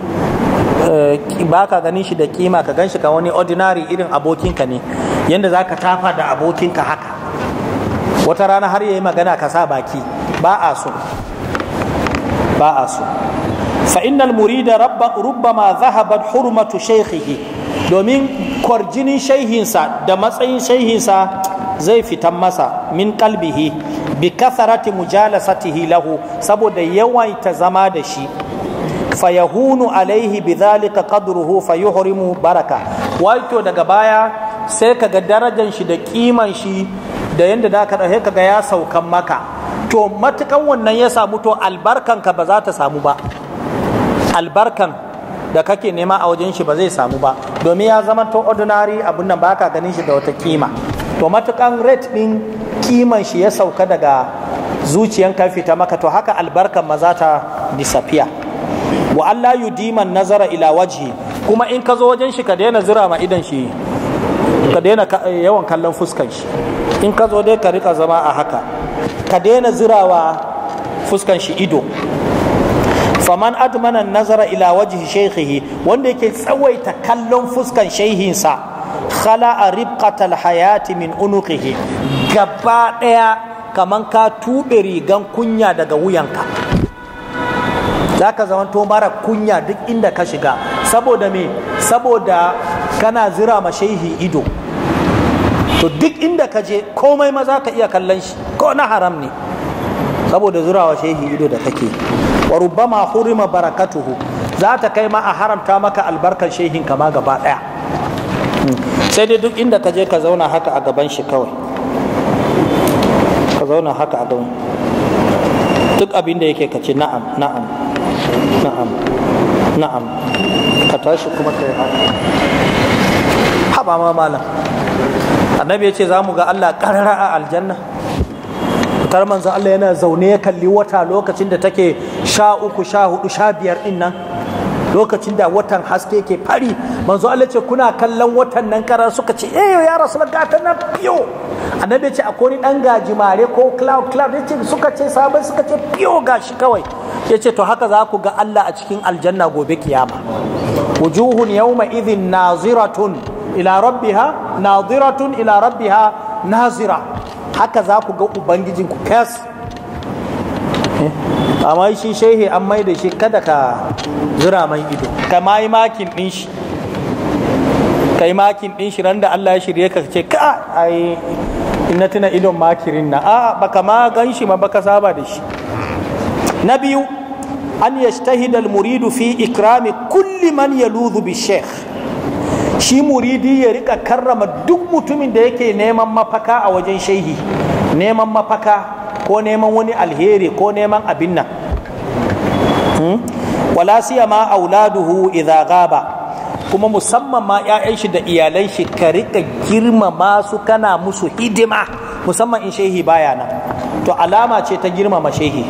eh, baka gani shi da kima ka gan shi ka wani ordinary irin abokinka ne yadda zaka tafa da abokinka haka wata rana har yayi magana ka sa baki ba a so ba a so fa innal murida rubbama zahabat hurmatu shaykhihi domin kwarjinin shaihinsa da matsayin shaihinsa zai fitan masa min kalbihi bi kasarati mujalasatihi hilahu, saboda yawaita zama da shi fa yahunu alaihi bi zalika qadruhu fa yuhrimu baraka wato daga baya sai kaga darajar shi da kiman shi da yanda da ka dauke kaga ya saukan maka to matukan wannan ya samu to albarkanka ba za ta samu ba albarkan da kake nema a wajen shi ba zai samu ba domin ya zama to ordinary abun nan baka ganin shi da wata kima to matukan rate din kiman shi ya sauka daga zuciyan ka fita maka to haka albarkan maza ta disappear wa Allah yudiman nazara ila wajhi kuma in ka zo wajen shi ka daina zira ma idan shi ka daina eh, yawan kallon fuskan shi in ka zo dai ka rika zama a haka ka daina zirawa fuskan shi ido faman admana nazara ila wajhi shaykhihi wanda yake tsawaita kallon fuskan shaihinsa khala ribqatal hayati min unuqihi gaba daya kaman ka tube rigan kunya daga wuyanka za ka to mara kunya duk inda ka shiga saboda me saboda kana zira ma shaihi ido to duk inda ka je komai ma za ka iya kallon shi ko na haram ne saboda zurawa shehi ido da kake wa rubbama hurima barakatuhu za ta kai ma a haramta maka albarkar shehin kama gaba daya sai dai duk inda ka je ka zauna haka a gaban shi kawai ka zauna haka a gaban duk abin da yake ka ce na'am na'am na'am na'am ka tashi kuma ka yi haka haba ma malam annabi ya ce za mu ga allah karara a aljanna tar manzan Allah yana zaune ya kalli wata lokacin da take sha uku sha hudu sha biyar din nan lokacin da watan haske ke fari manzo Allah ce kuna kallon watan nan karar suka ce eh ya rasul gata na biyo annabi ce akwai dan gajimare ko cloud cloud yace suka ce sabai suka ce biyo gashi kawai yace to haka za ku ga Allah a cikin aljanna gobe kiyama wujuhun yawma idhin naziratun ila rabbiha naziratun ila rabbiha nazira haka za ku ga ubangijin ku fes eh, amma shi shehe an mai da shi kada ka zura mai ido ka mai makin din shi kai makin din shi ran da Allah ya shirye ka ce ka ai in tuna idon makirin na a baka ma gan shi ma baka saba da shi na biyu an yashtahidal muridu fi ikrami kulli man yaluzu bi sheikh shi muridi ya rika karrama duk mutumin da yake neman mafaka a wajen shehi neman mafaka ko neman wani alheri ko neman abin nan hmm? wala siyama auladuhu idza gaba kuma musamman ma 'ya'yan shi da iyalan shi ka rika girmama su kana musu hidima musamman in shehi baya nan to alama ce ta girmama shehi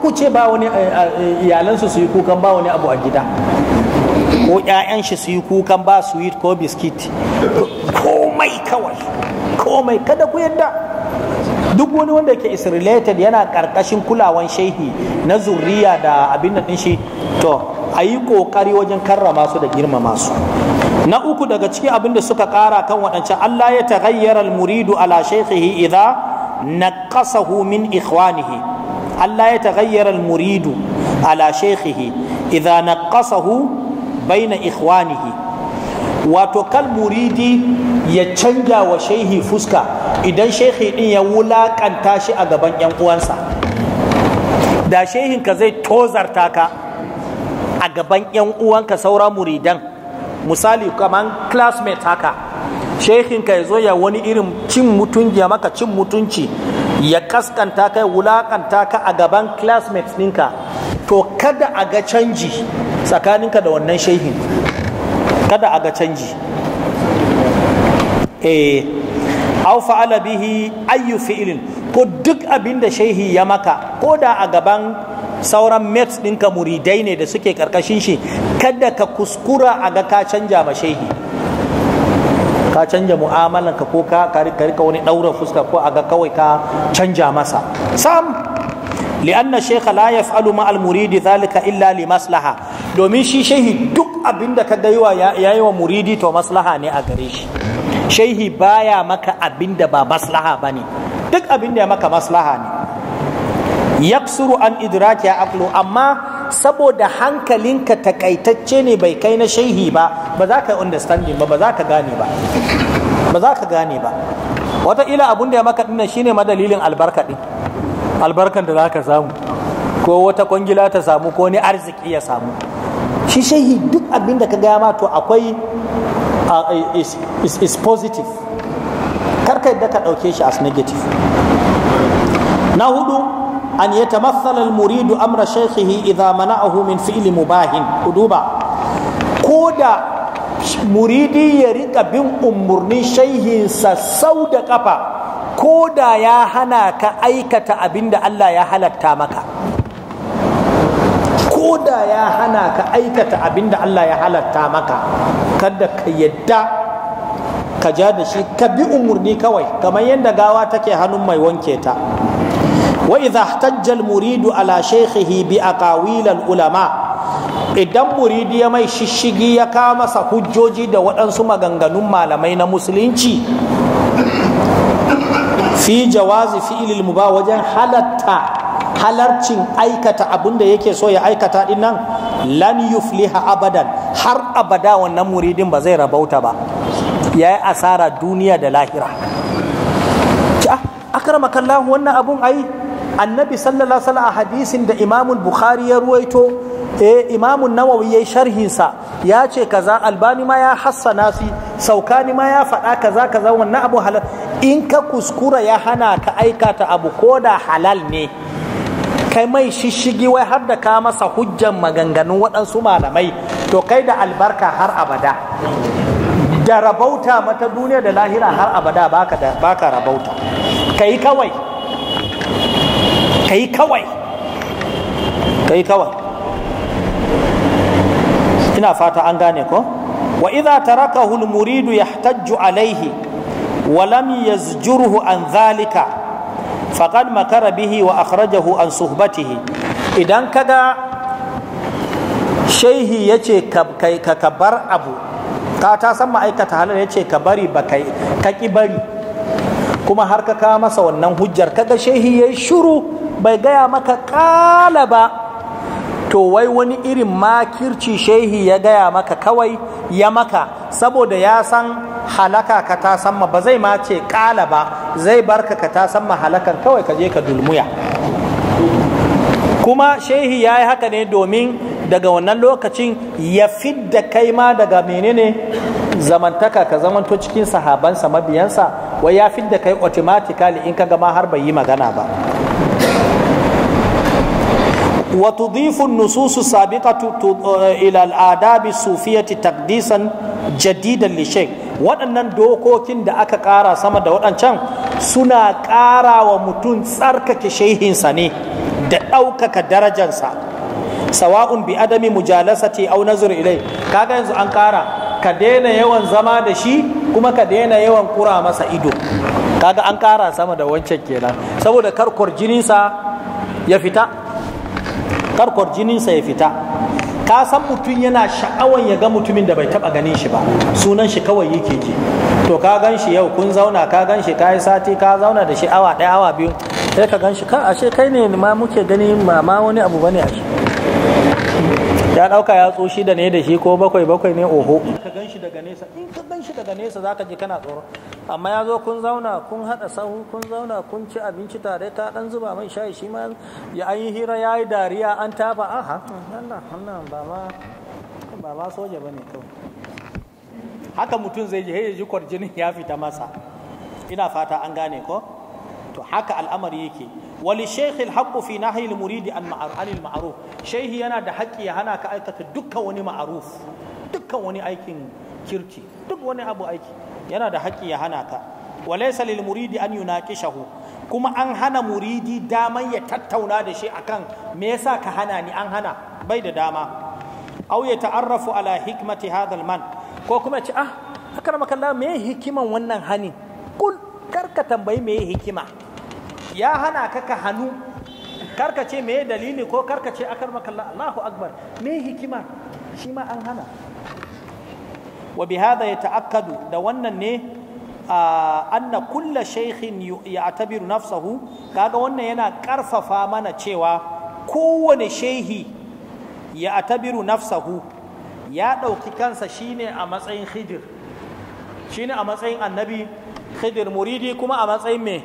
kuce ba wani eh, eh, eh, iyalansu su yi kukan ba wani abu a gida ko 'ya'yan shi su yi kukan ba sweet ko biskit komai kawai komai kada ku yadda duk wani wanda ke is related yana karkashin kulawan shehi na zuriya da abin da shi to a yi kokari wajen karrama su da girmama su na uku daga cikin abin da suka kara kan waɗancan Allah ya taghayyara al-muridu ala shaykhihi na naqasahu min ikhwanihi Allah ya taghayyara al-muridu ala shaykhihi idza naqqasahu baina ikhwanihi wato kal muridi ya canja wa shehi fuska idan shehi din ya wulakanta shi a gaban yan uwansa da ka zai tozarta ka a gaban yan uwanka saura muridan misali kaman classmate haka ka ya zo ya wani irin cin mutunci ya maka cin mutunci ya kaskanta kai wulakanta ka a gaban classmates ninka. to kada a ga canji tsakaninka da wannan shehin kada a ga canji eh au fa'ala bihi ayu fi'ilin ko duk abin da shehi ya maka ko da a gaban sauran mates ɗinka muridai ne da suke ƙarƙashin shi kada ka kuskura a ga ka canja ma shehi ka canja mu'amalan ka ko ka rika wani ɗaura fuska ko a ga kawai ka canja masa sam لأن الشيخ لا يفعل مع المريد ذلك إلا لمصلحة domin shi shehi duk abin da ka ga yiwa wa muridi to maslaha ne a gare shi shehi baya maka abin da ba maslaha ba ne duk abin da ya maka maslaha ne yaksuru an idraki ya aqlu amma saboda hankalinka takaitacce ne bai kai na shaihi ba ba za ka understanding ba ba za ka gane ba ba za ka gane ba Wata ila abun da ya maka dinnan shine madalilin albarka din albarkan da za ka samu ko wata kwangila ta samu ko ni arziki ya samu shi shaihi duk abin da ka gaya ma to akwai is positive karka yadda ka ɗauke shi as negative na hudu an yatamassala al-muridu amra shaykhihi idza mana'ahu min fi'li mubahin kuduba koda muridi ya rika bin umurni shaihinsa sau da kafa ko ya hana ka aikata abinda Allah ya halatta maka ko ya hana ka aikata abinda Allah ya halatta maka kada ka yadda ka ja da shi ka bi umurni kawai kamar yadda gawa take hannun mai wanke ta wa idha muridu ala shaykhihi bi aqawil ulama idan muridi ya mai shishigi ya kamasa hujjoji da waɗansu maganganun malamai na musulunci fi jawazi fi'ilil muba wajen halatta halarcin aikata abin da yake so ya aikata din nan lan yufliha abadan har abada wannan muridin ba zai rabauta ba ya yi asara duniya da lahira akramakallahu wannan abun ai annabi sallallahu alaihi a hadisin da imamu bukhari ya ruwaito eh imamun nawawi yayi sharhin sa ya ce kaza albani ma ya hassana fi saukani ma ya faɗa kaza kaza wannan abu halal in ka kuskura ya hana ka aikata abu koda halal ne kai mai shishigi wai har da ka masa hujjan maganganun waɗansu malamai to kai da albarka har abada da rabauta mata duniya da lahira har abada baka rabauta kai kawai kai kawai kai kawai ina fata an gane ko wa idza tarakahu al-muridu yahtajju alayhi wa lam yazjurhu an dhalika faqad makara bihi wa akhrajahu an suhbatihi idan kaga shehi ce ka bar abu ka ta san ma'aikata ya yace ka bari ba kai ka ki bari kuma har ka kawo masa wannan hujjar kaga shehi yayi shuru bai gaya maka kala ba to wai wani irin makirci shehi ya gaya maka kawai ya maka saboda ya san halaka ka ta sama ba zai ma ce kala ba zai barka ka ta sama halakan kawai ka je ka dulmuya kuma shehi ya yi haka ne domin daga wannan lokacin ya fidda kai ma daga menene zamantaka ka zamanto cikin sahabansa mabiyansa wai ya fi da kai otomatikali in ka gama har bai yi magana ba wa tudhifu an-nusus sabiqatu eh, ila al-adab as-sufiyyah waɗannan dokokin da aka ƙara sama da waɗancan suna ƙara wa mutum tsarkake shaihinsa ne da ɗaukaka darajansa sawa'un bi adami mujalasati au nazar ilai kaga yanzu an ƙara ka daina yawan zama da shi kuma ka daina yawan kura masa ido kaga an kara sama da wancan kenan saboda karkor jininsa ya fita karkor jininsa ya fita ka san mutum yana sha'awan ya ga mutumin da bai taba ganin shi ba sunan shi kawai yake ji to ka gan shi yau kun zauna ka gan shi kai sati ka zauna da shi awa ɗaya awa biyu sai ka gan shi ka ashe kai ne ma muke gani ma wani abu bane ashe ya dauka ya tsoshi da ne da shi ko bakwai bakwai ne oho ka gan shi daga nesa in ka gan shi daga nesa zaka ji kana tsoro amma ya zo kun zauna kun hada sahu kun zauna kun ci abinci tare ta dan zuba mai shayi shi ma ya an yi hira ya yi dariya an tafa aha Allah Allah ba ma ba ma soja bane kawai haka mutum zai je ya ji kwarjinin ya fita masa ina fata an gane ko to haka al'amari yake wali shaykh al fi nahyi al-muridi an ma'ruf shehi yana da haƙƙi ya hana ka aikata dukkan wani ma'ruf dukkan wani aikin kirki duk wani abu aiki yana da haƙƙi ya hana ka walaysa lil muridi an yunaqishahu kuma an hana muridi daman ya tattauna da shi akan me yasa ka hana ni an hana bai da dama aw ya ta'arrafu ala hikmati hadha man ko kuma ci ah akramaka Allah me hikiman wannan hani kul karka tambayi me hikima ya hana ka ka hannu karka ce me dalili ko karka ce akar makalla Allahu akbar me hikima shi ma an hana wa bi hada yata'akkadu da wannan ne anna kulla shaykhin ya'tabiru nafsahu kaga wannan yana karfafa mana cewa kowane shehi ya'tabiru nafsahu ya ɗauki kansa shine a matsayin khidir shine a matsayin annabi khidir muridi kuma a matsayin mai.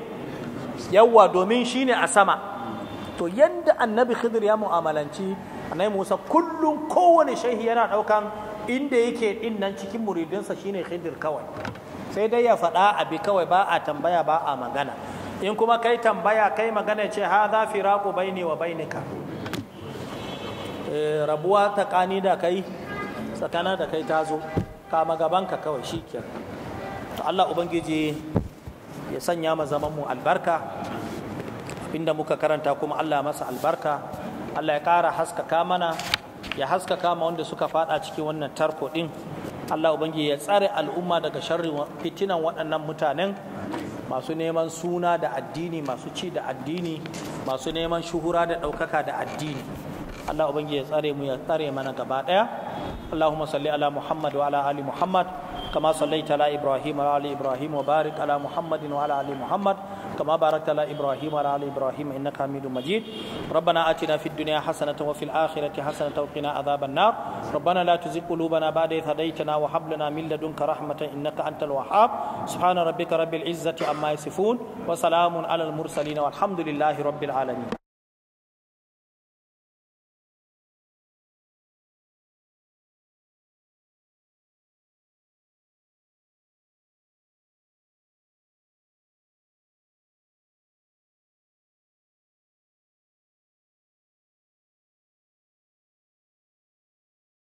yawwa domin shi ne a sama to yadda annabi khidir ya mu'amalanci annabi musa kullum kowane shehi yana daukan inda yake din nan cikin muridinsa shine khidir kawai sai dai ya faɗa bi kawai ba a tambaya ba a magana in kuma kai tambaya kai magana ce ha za firaku baini wa bainika eh, rabuwa ta kani da kai tsakana da kai ta zo kama gabanka kawai shi to Allah Ubangiji ya sanya ma zaman mu albarka inda muka karanta kuma Allah masa albarka Allah ya ƙara haskaka mana ya haskaka ma wanda suka fada cikin wannan tarko din Allah ubangi ya tsare al'umma daga sharri fitinan waɗannan mutanen masu neman suna da addini masu ci da addini masu neman shuhura da ɗaukaka da addini Allah ubangi ya tsare mu ya tsare mana gaba ɗaya Allahumma salli ala Muhammad wa ala ali Muhammad كما صليت على إبراهيم وعلى آل إبراهيم وبارك على محمد وعلى آل محمد كما باركت على إبراهيم وعلى آل إبراهيم إنك حميد مجيد ربنا آتنا في الدنيا حسنة وفي الآخرة حسنة وقنا عذاب النار ربنا لا تزغ قلوبنا بعد إذ هديتنا وهب لنا من لدنك رحمة إنك أنت الوهاب سبحان ربك رب العزة عما يصفون وسلام على المرسلين والحمد لله رب العالمين